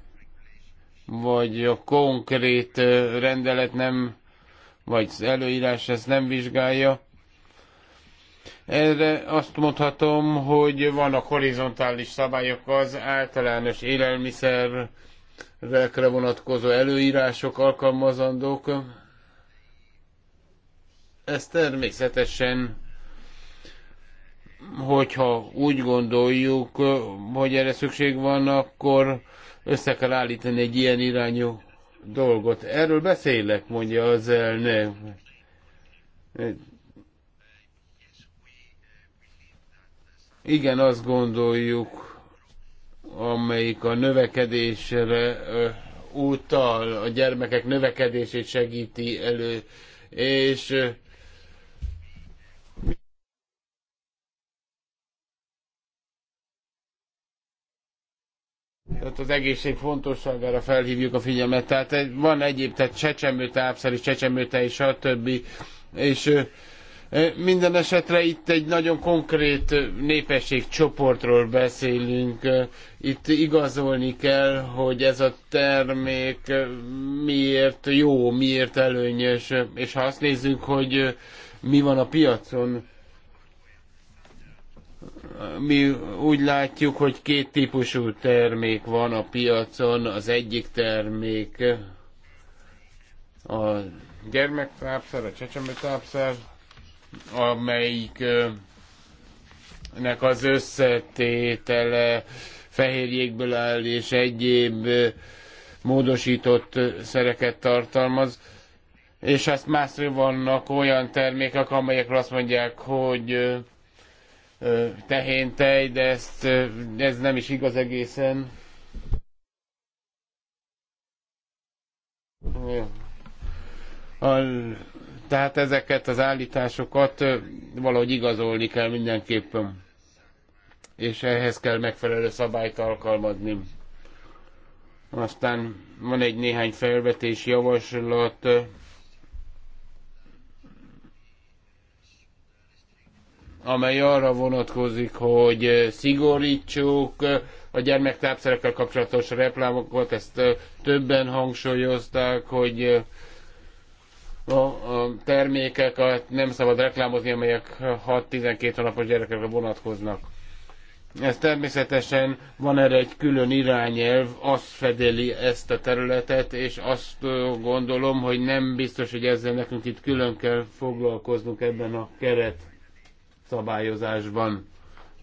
vagy a konkrét rendelet nem, vagy az előírás ezt nem vizsgálja, erre azt mondhatom, hogy van a horizontális szabályok az általános élelmiszerekre vonatkozó előírások alkalmazandók, ez természetesen hogyha úgy gondoljuk, hogy erre szükség van, akkor össze kell állítani egy ilyen irányú dolgot. Erről beszélek, mondja az elnök. Igen, azt gondoljuk, amelyik a növekedésre utal, a gyermekek növekedését segíti elő, és tehát az egészség fontosságára felhívjuk a figyelmet. Tehát van egyéb, tehát csecsemőte, ápszeri csecsemőte és a többi. És minden esetre itt egy nagyon konkrét népességcsoportról beszélünk. Itt igazolni kell, hogy ez a termék miért jó, miért előnyös, és ha azt nézzük, hogy mi van a piacon, mi úgy látjuk, hogy két típusú termék van a piacon. Az egyik termék a gyermektápszer, a csecsemőtápszer, amelyiknek az összetétele fehérjékből áll és egyéb módosított szereket tartalmaz. És ezt másról vannak olyan termékek, amelyekről azt mondják, hogy tehéntej, de ezt, ez nem is igaz egészen. A, tehát ezeket az állításokat valahogy igazolni kell mindenképpen. És ehhez kell megfelelő szabályt alkalmazni. Aztán van egy néhány felvetés, javaslat, amely arra vonatkozik, hogy eh, szigorítsuk eh, a gyermektápszerekkel kapcsolatos reklámokat, ezt eh, többen hangsúlyozták, hogy a termékeket nem szabad reklámozni, amelyek 6-12 hónapos gyerekekre vonatkoznak. Ez természetesen van erre egy külön irányelv, az fedeli ezt a területet, és azt gondolom, hogy nem biztos, hogy ezzel nekünk itt külön kell foglalkoznunk ebben a keret szabályozásban.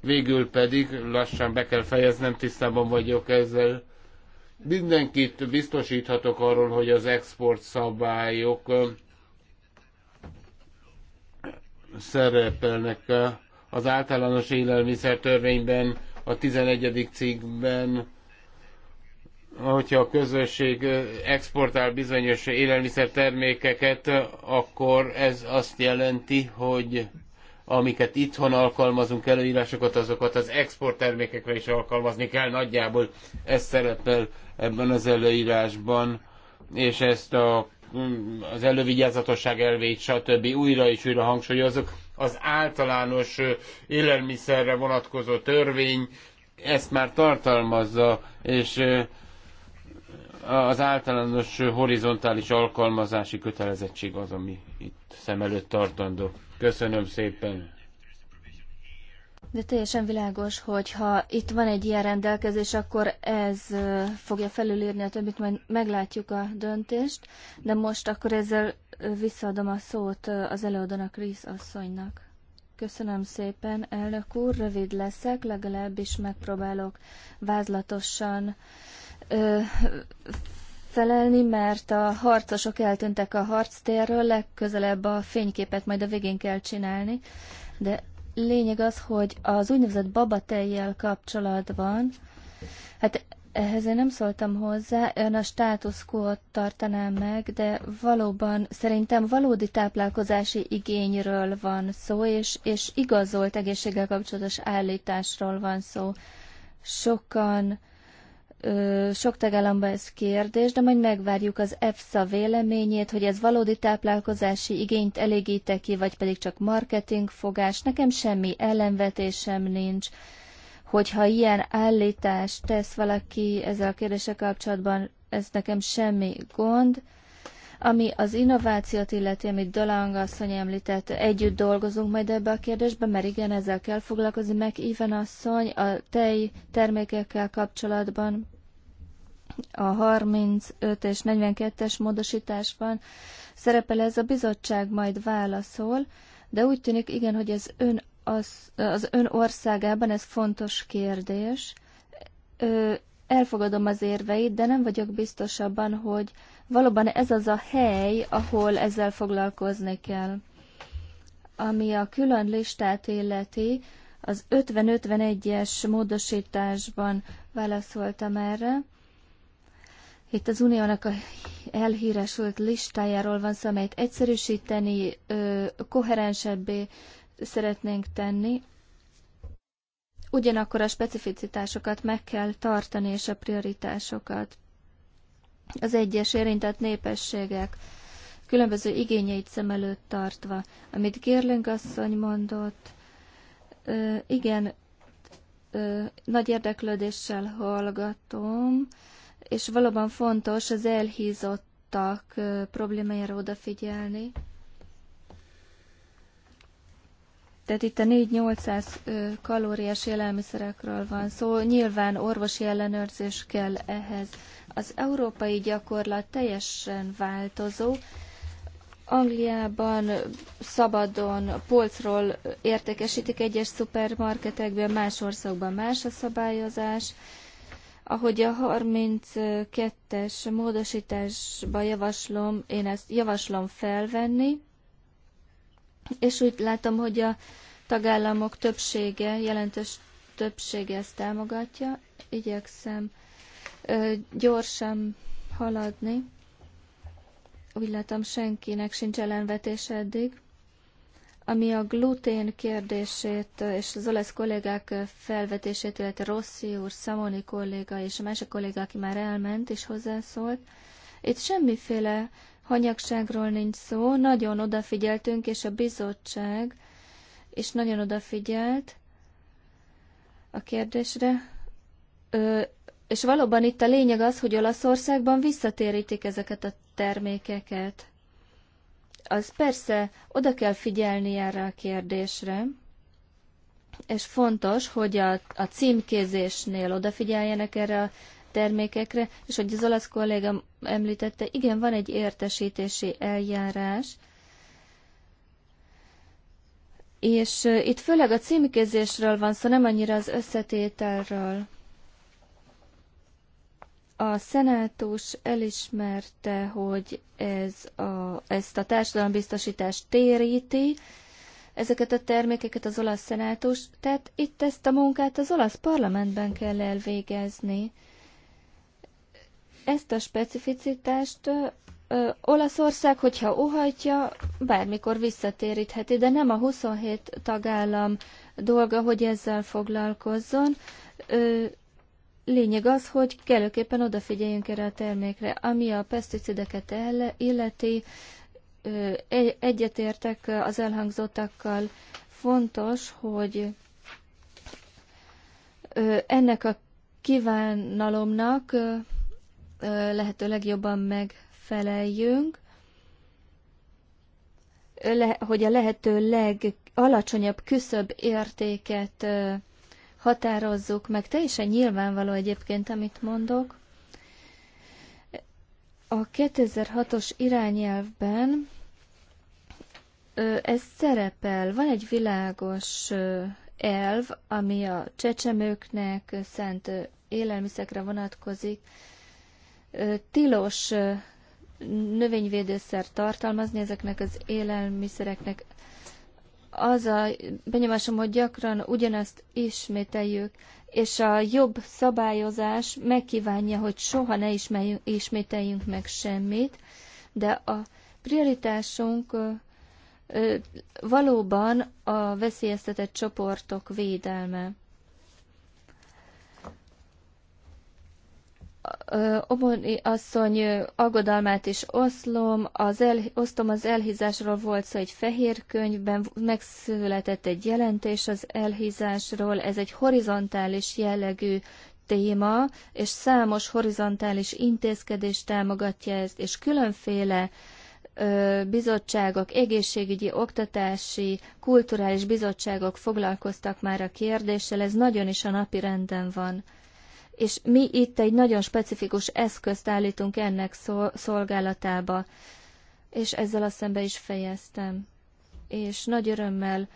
Végül pedig lassan be kell fejeznem, tisztában vagyok ezzel. Mindenkit biztosíthatok arról, hogy az export szabályok szerepelnek az általános törvényben, a 11. cikkben, hogyha a közösség exportál bizonyos élelmiszertermékeket, akkor ez azt jelenti, hogy amiket itthon alkalmazunk, előírásokat, azokat az exporttermékekre is alkalmazni kell. Nagyjából ez szerepel ebben az előírásban, és ezt a, az elővigyázatosság elvét, stb. újra és újra hangsúlyozok. Az általános élelmiszerre vonatkozó törvény ezt már tartalmazza, és az általános horizontális alkalmazási kötelezettség az, ami itt szem előtt tartandó. Köszönöm szépen. De teljesen világos, hogy ha itt van egy ilyen rendelkezés, akkor ez fogja felülírni a többit, majd meglátjuk a döntést, de most akkor ezzel visszaadom a szót az előadónak, Rész asszonynak. Köszönöm szépen, elnök úr, rövid leszek, legalábbis megpróbálok vázlatosan ö, felelni, mert a harcosok eltűntek a harctérről, legközelebb a fényképet majd a végén kell csinálni. De lényeg az, hogy az úgynevezett babatejjel kapcsolatban, hát ehhez én nem szóltam hozzá, ön a státuszkót tartanám meg, de valóban szerintem valódi táplálkozási igényről van szó, és, és igazolt egészséggel kapcsolatos állításról van szó. Sokan sok tagállamban ez kérdés, de majd megvárjuk az EFSA véleményét, hogy ez valódi táplálkozási igényt elégíte ki, vagy pedig csak marketing fogás. Nekem semmi ellenvetésem nincs, hogyha ilyen állítást tesz valaki ezzel a kérdéssel kapcsolatban, ez nekem semmi gond. Ami az innovációt illeti, amit Dalang asszony említett, együtt dolgozunk majd ebbe a kérdésbe, mert igen, ezzel kell foglalkozni, meg Iven asszony a tej termékekkel kapcsolatban a 35 és 42-es módosításban szerepel ez, a bizottság majd válaszol, de úgy tűnik, igen, hogy ez ön, az, az ön országában ez fontos kérdés. Ö, elfogadom az érveit, de nem vagyok biztos abban, hogy valóban ez az a hely, ahol ezzel foglalkozni kell. Ami a külön listát illeti, az 50-51-es módosításban válaszoltam erre. Itt az uniónak a elhíresült listájáról van szó, amelyet egyszerűsíteni, koherensebbé szeretnénk tenni. Ugyanakkor a specificitásokat meg kell tartani, és a prioritásokat. Az egyes érintett népességek különböző igényeit szem előtt tartva. Amit Gérling asszony mondott, igen, nagy érdeklődéssel hallgatom, és valóban fontos az elhízottak problémájára odafigyelni. Tehát itt a 4800 kalóriás élelmiszerekről van szó, nyilván orvosi ellenőrzés kell ehhez. Az európai gyakorlat teljesen változó. Angliában szabadon polcról értékesítik egyes szupermarketekben, más országban más a szabályozás ahogy a 32-es módosításba javaslom, én ezt javaslom felvenni, és úgy látom, hogy a tagállamok többsége, jelentős többsége ezt támogatja. Igyekszem ö, gyorsan haladni. Úgy látom, senkinek sincs ellenvetés eddig. Ami a glutén kérdését és az olasz kollégák felvetését, illetve Rossi úr, Szamoni kolléga és a másik kolléga, aki már elment és hozzászólt, itt semmiféle hanyagságról nincs szó, nagyon odafigyeltünk, és a bizottság is nagyon odafigyelt a kérdésre. Ö, és valóban itt a lényeg az, hogy Olaszországban visszatérítik ezeket a termékeket az persze oda kell figyelni erre a kérdésre, és fontos, hogy a, a címkézésnél odafigyeljenek erre a termékekre, és hogy az olasz kollégám említette, igen, van egy értesítési eljárás, és itt főleg a címkézésről van szó, nem annyira az összetételről. A szenátus elismerte, hogy ez a, ezt a társadalombiztosítást téríti, ezeket a termékeket az olasz szenátus, tehát itt ezt a munkát az olasz parlamentben kell elvégezni. Ezt a specificitást ö, Olaszország, hogyha óhajtja, bármikor visszatérítheti, de nem a 27 tagállam dolga, hogy ezzel foglalkozzon. Ö, lényeg az, hogy kellőképpen odafigyeljünk erre a termékre. Ami a peszticideket illeti, egyetértek az elhangzottakkal. Fontos, hogy ennek a kívánalomnak lehetőleg jobban megfeleljünk, hogy a lehető legalacsonyabb küszöbb értéket határozzuk meg. Teljesen nyilvánvaló egyébként, amit mondok. A 2006-os irányelvben ez szerepel. Van egy világos elv, ami a csecsemőknek szent élelmiszekre vonatkozik. Tilos növényvédőszer tartalmazni ezeknek az élelmiszereknek az a benyomásom, hogy gyakran ugyanazt ismételjük, és a jobb szabályozás megkívánja, hogy soha ne ismételjünk meg semmit, de a prioritásunk valóban a veszélyeztetett csoportok védelme. Oboni asszony aggodalmát is oszlom, az el, osztom az elhízásról volt szó egy fehér könyvben, megszületett egy jelentés az elhízásról, ez egy horizontális jellegű téma, és számos horizontális intézkedés támogatja ezt, és különféle ö, bizottságok, egészségügyi, oktatási, kulturális bizottságok foglalkoztak már a kérdéssel, ez nagyon is a napi renden van és mi itt egy nagyon specifikus eszközt állítunk ennek szolgálatába, és ezzel a szembe is fejeztem. És nagy örömmel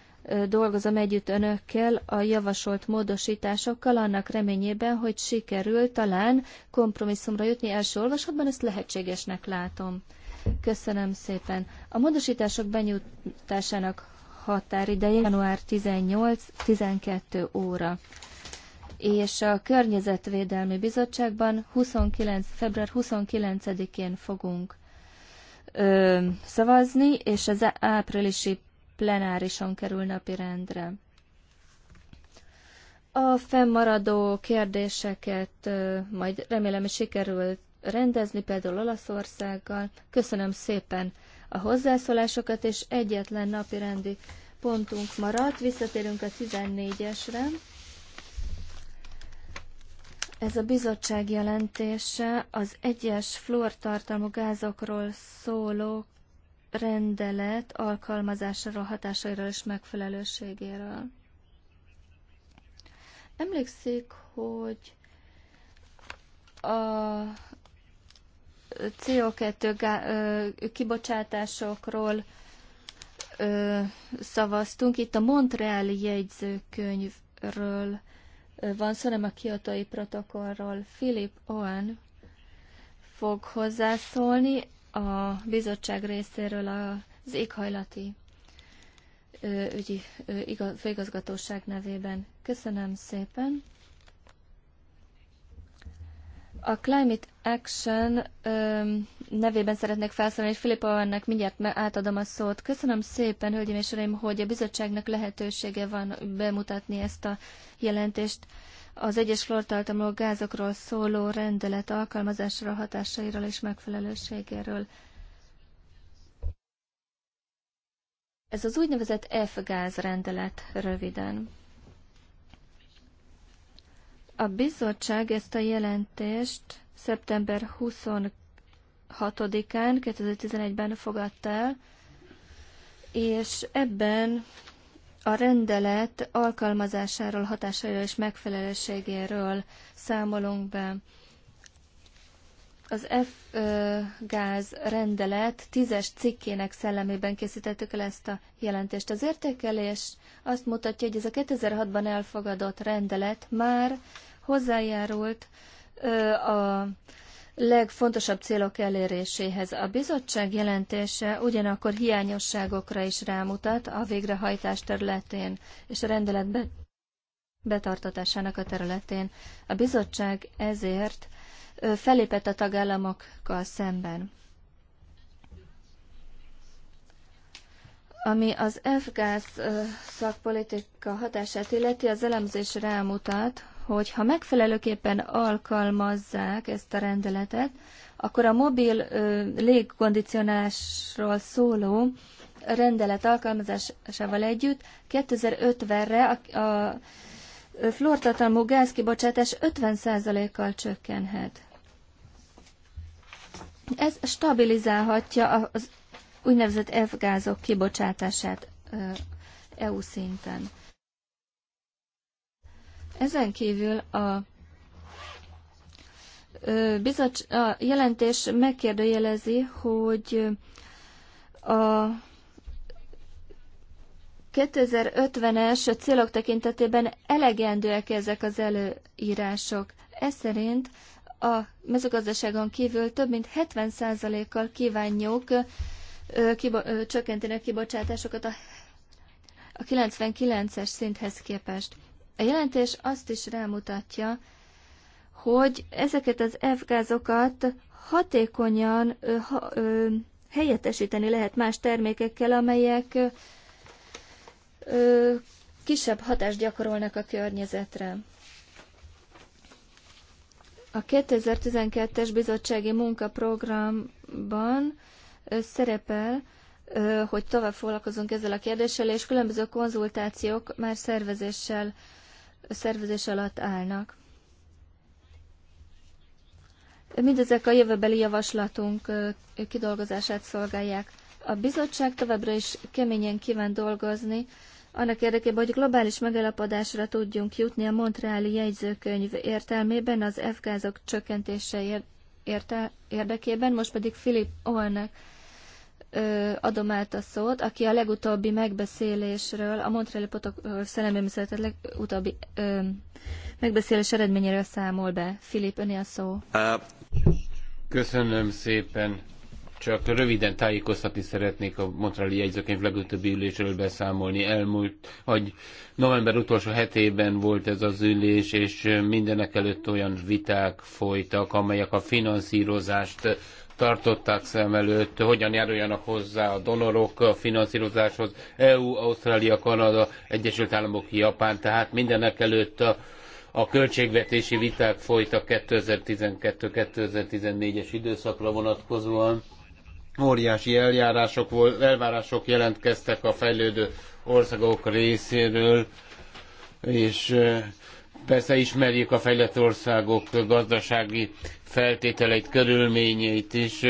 dolgozom együtt önökkel a javasolt módosításokkal, annak reményében, hogy sikerül talán kompromisszumra jutni első olvasatban, ezt lehetségesnek látom. Köszönöm szépen. A módosítások benyújtásának határideje január 18-12 óra és a Környezetvédelmi Bizottságban 29, február 29-én fogunk ö, szavazni, és az áprilisi plenárison kerül napirendre. A fennmaradó kérdéseket ö, majd remélem sikerül rendezni, például Olaszországgal. Köszönöm szépen a hozzászólásokat, és egyetlen napi rendi pontunk maradt. Visszatérünk a 14-esre. Ez a bizottság jelentése az egyes fluortartalmú gázokról szóló rendelet alkalmazásáról, hatásairól és megfelelőségéről. Emlékszik, hogy a CO2 kibocsátásokról szavaztunk. Itt a Montreali jegyzőkönyvről van szó, nem a kiotói protokollról. Philip Owen fog hozzászólni a bizottság részéről az éghajlati ügyi főigazgatóság nevében. Köszönöm szépen! A Climate Action öm, nevében szeretnék felszólalni, és Filippa Owennek mindjárt átadom a szót. Köszönöm szépen, hölgyeim és uraim, hogy a bizottságnak lehetősége van bemutatni ezt a jelentést. Az egyes klortartalmú gázokról szóló rendelet alkalmazásra, hatásairól és megfelelőségéről. Ez az úgynevezett F-gáz rendelet röviden. A bizottság ezt a jelentést szeptember 26-án 2011-ben fogadta el, és ebben a rendelet alkalmazásáról, hatásairól és megfelelőségéről számolunk be az F-gáz rendelet tízes cikkének szellemében készítettük el ezt a jelentést. Az értékelés azt mutatja, hogy ez a 2006-ban elfogadott rendelet már hozzájárult a legfontosabb célok eléréséhez. A bizottság jelentése ugyanakkor hiányosságokra is rámutat a végrehajtás területén és a rendelet betartatásának a területén. A bizottság ezért fellépett a tagállamokkal szemben. Ami az F-gáz szakpolitika hatását illeti, az elemzés rámutat, hogy ha megfelelőképpen alkalmazzák ezt a rendeletet, akkor a mobil ö, légkondicionálásról szóló rendelet alkalmazásával együtt 2050-re a, a flortartalmú gázkibocsátás 50%-kal csökkenhet. Ez stabilizálhatja az úgynevezett F-gázok kibocsátását EU szinten. Ezen kívül a bizottság, a jelentés megkérdőjelezi, hogy a 2050-es célok tekintetében elegendőek ezek az előírások. Ez szerint a mezőgazdaságon kívül több mint 70%-kal kívánjuk csökkenteni a kibocsátásokat a, a 99-es szinthez képest. A jelentés azt is rámutatja, hogy ezeket az F-gázokat hatékonyan ö, ha, ö, helyettesíteni lehet más termékekkel, amelyek ö, kisebb hatást gyakorolnak a környezetre. A 2012-es bizottsági munkaprogramban szerepel, hogy tovább foglalkozunk ezzel a kérdéssel, és különböző konzultációk már szervezéssel, szervezés alatt állnak. Mindezek a jövőbeli javaslatunk kidolgozását szolgálják. A bizottság továbbra is keményen kíván dolgozni annak érdekében, hogy globális megalapodásra tudjunk jutni a Montreali jegyzőkönyv értelmében, az F-gázok csökkentése érdekében, most pedig Philip Owennek adom át a szót, aki a legutóbbi megbeszélésről, a Montreali protokoll szellemében legutóbbi ö, megbeszélés eredményéről számol be. Filip, öné a szó. Köszönöm szépen. Csak röviden tájékoztatni szeretnék a Montreali jegyzőkönyv legutóbbi ülésről beszámolni. Elmúlt, hogy november utolsó hetében volt ez az ülés, és mindenek előtt olyan viták folytak, amelyek a finanszírozást tartották szem előtt, hogyan járuljanak hozzá a donorok a finanszírozáshoz, EU, Ausztrália, Kanada, Egyesült Államok, Japán, tehát mindenek előtt a, a költségvetési viták folytak 2012-2014-es időszakra vonatkozóan óriási eljárások, elvárások jelentkeztek a fejlődő országok részéről, és persze ismerjük a fejlett országok gazdasági feltételeit, körülményeit is.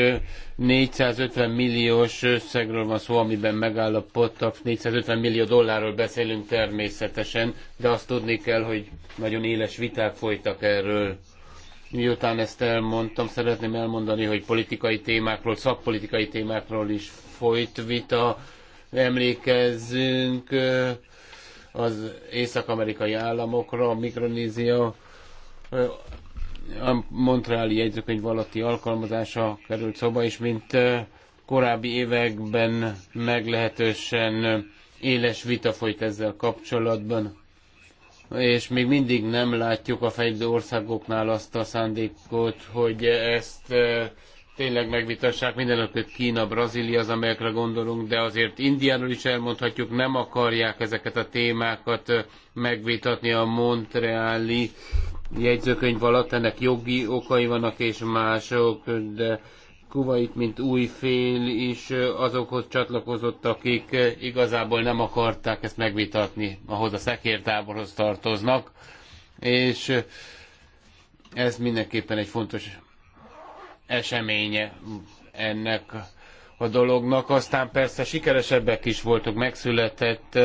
450 milliós összegről van szó, amiben megállapodtak. 450 millió dollárról beszélünk természetesen, de azt tudni kell, hogy nagyon éles viták folytak erről Miután ezt elmondtam, szeretném elmondani, hogy politikai témákról, szakpolitikai témákról is folyt vita. Emlékezzünk az észak-amerikai államokra, a Mikronézia, a Montreali jegyzőkönyv alatti alkalmazása került szoba, és mint korábbi években meglehetősen éles vita folyt ezzel kapcsolatban és még mindig nem látjuk a fejlődő országoknál azt a szándékot, hogy ezt tényleg megvitassák mindenekelőtt Kína, Brazília az, amelyekre gondolunk, de azért Indiáról is elmondhatjuk, nem akarják ezeket a témákat megvitatni a Montreali jegyzőkönyv alatt, ennek jogi okai vannak és mások, de Kuwait, mint új fél is azokhoz csatlakozott, akik igazából nem akarták ezt megvitatni, ahhoz a szekértáborhoz tartoznak, és ez mindenképpen egy fontos eseménye ennek a dolognak. Aztán persze sikeresebbek is voltak, megszületett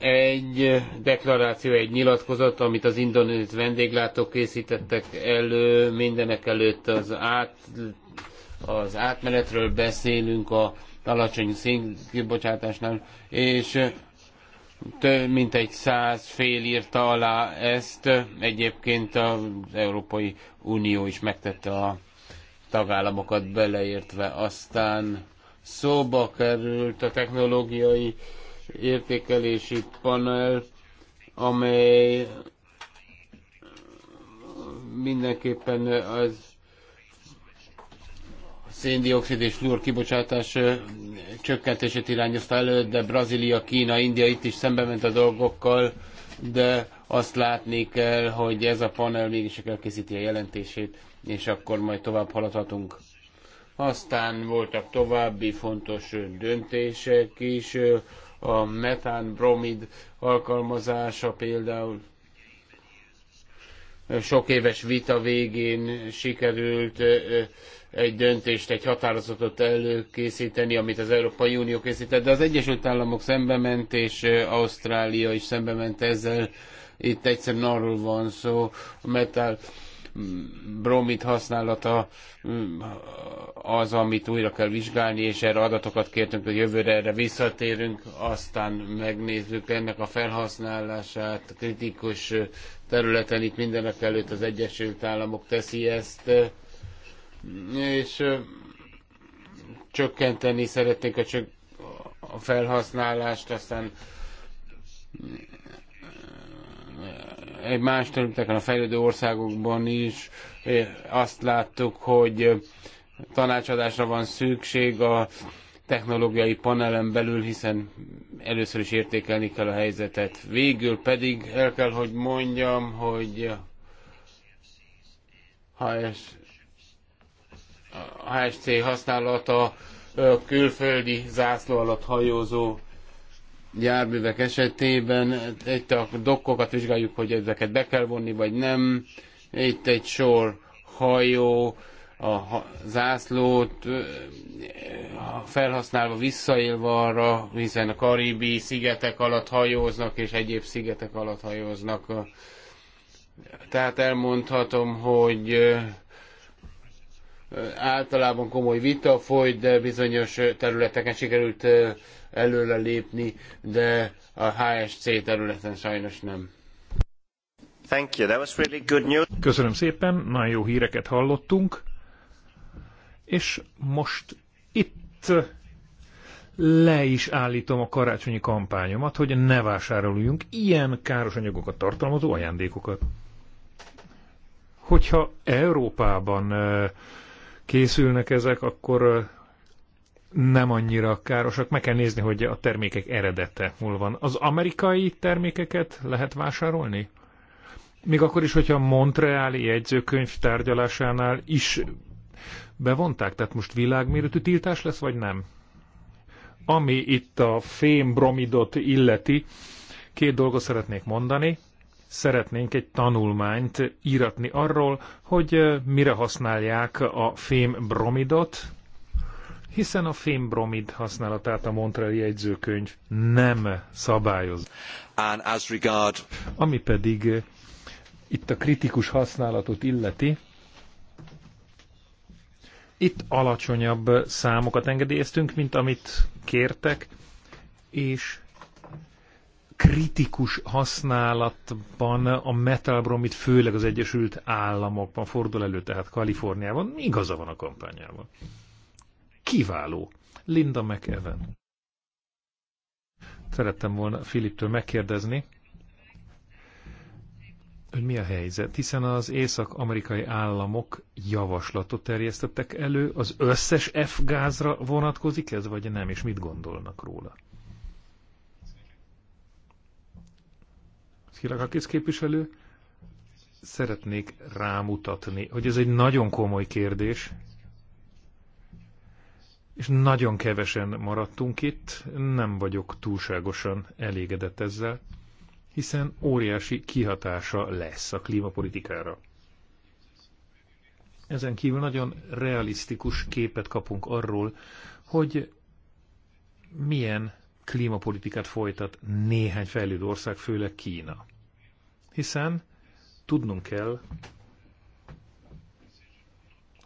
egy deklaráció, egy nyilatkozat, amit az indonéz vendéglátók készítettek elő, mindenek előtt az, át, az átmenetről beszélünk a alacsony szénkibocsátásnál, és több mint egy száz fél írta alá ezt, egyébként az Európai Unió is megtette a tagállamokat beleértve. Aztán szóba került a technológiai értékelési panel, amely mindenképpen az széndiokszid és fluor kibocsátás csökkentését irányozta elő, de Brazília, Kína, India itt is szembe ment a dolgokkal, de azt látni kell, hogy ez a panel mégis elkészíti a jelentését, és akkor majd tovább haladhatunk. Aztán voltak további fontos döntések is a metán bromid alkalmazása például sok éves vita végén sikerült egy döntést, egy határozatot előkészíteni, amit az Európai Unió készített, de az Egyesült Államok szembe ment, és Ausztrália is szembe ment ezzel. Itt egyszerűen arról van szó, a metál bromid használata az, amit újra kell vizsgálni, és erre adatokat kértünk, hogy jövőre erre visszatérünk, aztán megnézzük ennek a felhasználását kritikus területen, itt mindenek előtt az Egyesült Államok teszi ezt, és csökkenteni szeretnénk a, csök, a felhasználást, aztán egy más területeken, a fejlődő országokban is azt láttuk, hogy tanácsadásra van szükség a technológiai panelen belül, hiszen először is értékelni kell a helyzetet. Végül pedig el kell, hogy mondjam, hogy HSC használata külföldi zászló alatt hajózó járművek esetében. Itt a dokkokat vizsgáljuk, hogy ezeket be kell vonni, vagy nem. Itt egy sor hajó, a zászlót felhasználva visszaélve arra, hiszen a karibi szigetek alatt hajóznak, és egyéb szigetek alatt hajóznak. Tehát elmondhatom, hogy általában komoly vita folyt, de bizonyos területeken sikerült lépni, de a HSC területen sajnos nem. Thank you. That was really good news. Köszönöm szépen, nagyon jó híreket hallottunk. És most itt le is állítom a karácsonyi kampányomat, hogy ne vásároljunk ilyen káros anyagokat tartalmazó ajándékokat. Hogyha Európában eh, készülnek ezek, akkor eh, nem annyira károsak. Meg kell nézni, hogy a termékek eredete hol van. Az amerikai termékeket lehet vásárolni? Még akkor is, hogyha a Montreali jegyzőkönyv tárgyalásánál is bevonták, tehát most világméretű tiltás lesz, vagy nem? Ami itt a fémbromidot illeti, két dolgot szeretnék mondani. Szeretnénk egy tanulmányt íratni arról, hogy mire használják a fémbromidot, hiszen a fémbromid használatát a Montreali jegyzőkönyv nem szabályoz. And as regard... Ami pedig eh, itt a kritikus használatot illeti, itt alacsonyabb számokat engedélyeztünk, mint amit kértek, és kritikus használatban a metalbromid főleg az Egyesült Államokban fordul elő, tehát Kaliforniában igaza van a kampányában kiváló. Linda McEwen. Szerettem volna Filiptől megkérdezni, hogy mi a helyzet, hiszen az észak-amerikai államok javaslatot terjesztettek elő, az összes F-gázra vonatkozik ez, vagy nem, és mit gondolnak róla? Szilakakis képviselő, szeretnék rámutatni, hogy ez egy nagyon komoly kérdés, és nagyon kevesen maradtunk itt, nem vagyok túlságosan elégedett ezzel, hiszen óriási kihatása lesz a klímapolitikára. Ezen kívül nagyon realisztikus képet kapunk arról, hogy milyen klímapolitikát folytat néhány fejlődő ország, főleg Kína. Hiszen tudnunk kell,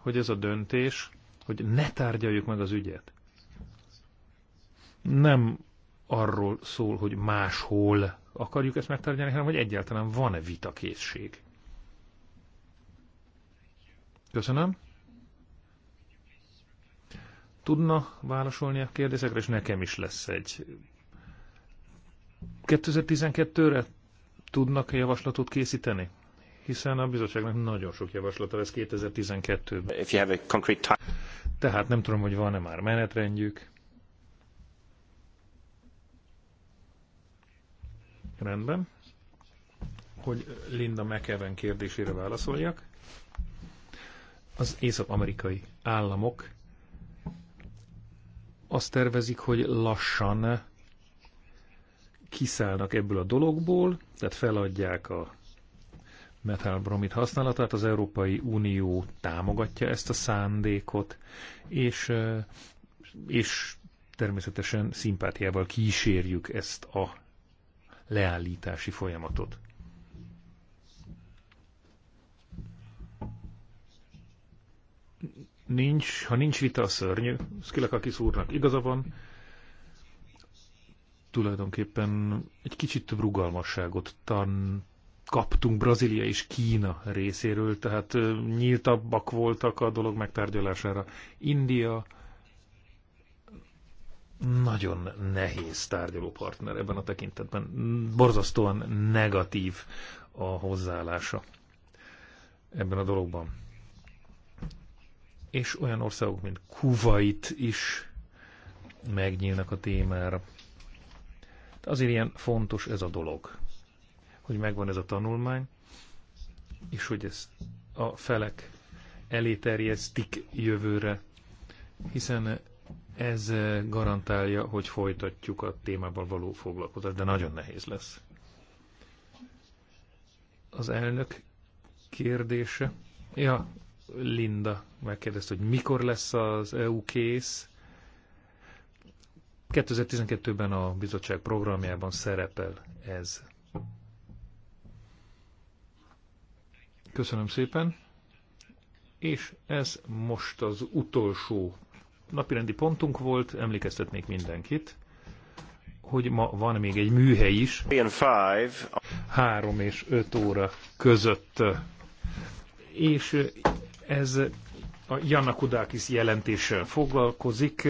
hogy ez a döntés hogy ne tárgyaljuk meg az ügyet. Nem arról szól, hogy máshol akarjuk ezt megtárgyalni, hanem hogy egyáltalán van-e vitakészség. Köszönöm. Tudna válaszolni a kérdésekre, és nekem is lesz egy. 2012-re tudnak javaslatot készíteni? hiszen a bizottságnak nagyon sok javaslata lesz 2012-ben. If you have a concrete time. Tehát nem tudom, hogy van-e már menetrendjük. Rendben. Hogy Linda McEwen kérdésére válaszoljak. Az észak-amerikai államok azt tervezik, hogy lassan kiszállnak ebből a dologból, tehát feladják a metálbromid használatát. Az Európai Unió támogatja ezt a szándékot, és, eh, és természetesen szimpátiával kísérjük ezt a leállítási folyamatot. Nincs, ha nincs vita, a szörnyű. aki szúrnak, igaza van. Tulajdonképpen egy kicsit több rugalmasságot tan kaptunk Brazília és Kína részéről, tehát nyíltabbak voltak a dolog megtárgyalására. India nagyon nehéz tárgyaló partner ebben a tekintetben. Borzasztóan negatív a hozzáállása ebben a dologban. És olyan országok, mint Kuwait is megnyílnak a témára. De azért ilyen fontos ez a dolog hogy megvan ez a tanulmány, és hogy ezt a felek elé terjesztik jövőre, hiszen ez garantálja, hogy folytatjuk a témával való foglalkozást, de nagyon nehéz lesz. Az elnök kérdése. Ja, Linda megkérdezte, hogy mikor lesz az EU kész. 2012-ben a bizottság programjában szerepel ez. Köszönöm szépen. És ez most az utolsó napirendi pontunk volt, emlékeztetnék mindenkit, hogy ma van még egy műhely is. 3 és 5 óra között. És ez a Kudákis jelentéssel foglalkozik,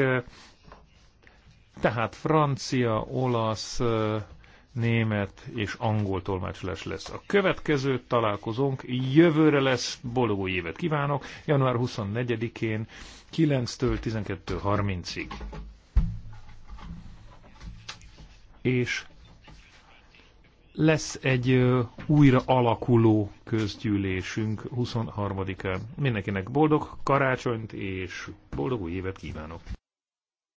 tehát francia, olasz, német és angol tolmácsolás lesz. A következő találkozónk jövőre lesz, boldog új évet kívánok, január 24-én 9-től 12.30-ig. És lesz egy újra alakuló közgyűlésünk 23-án. Mindenkinek boldog karácsonyt és boldog új évet kívánok!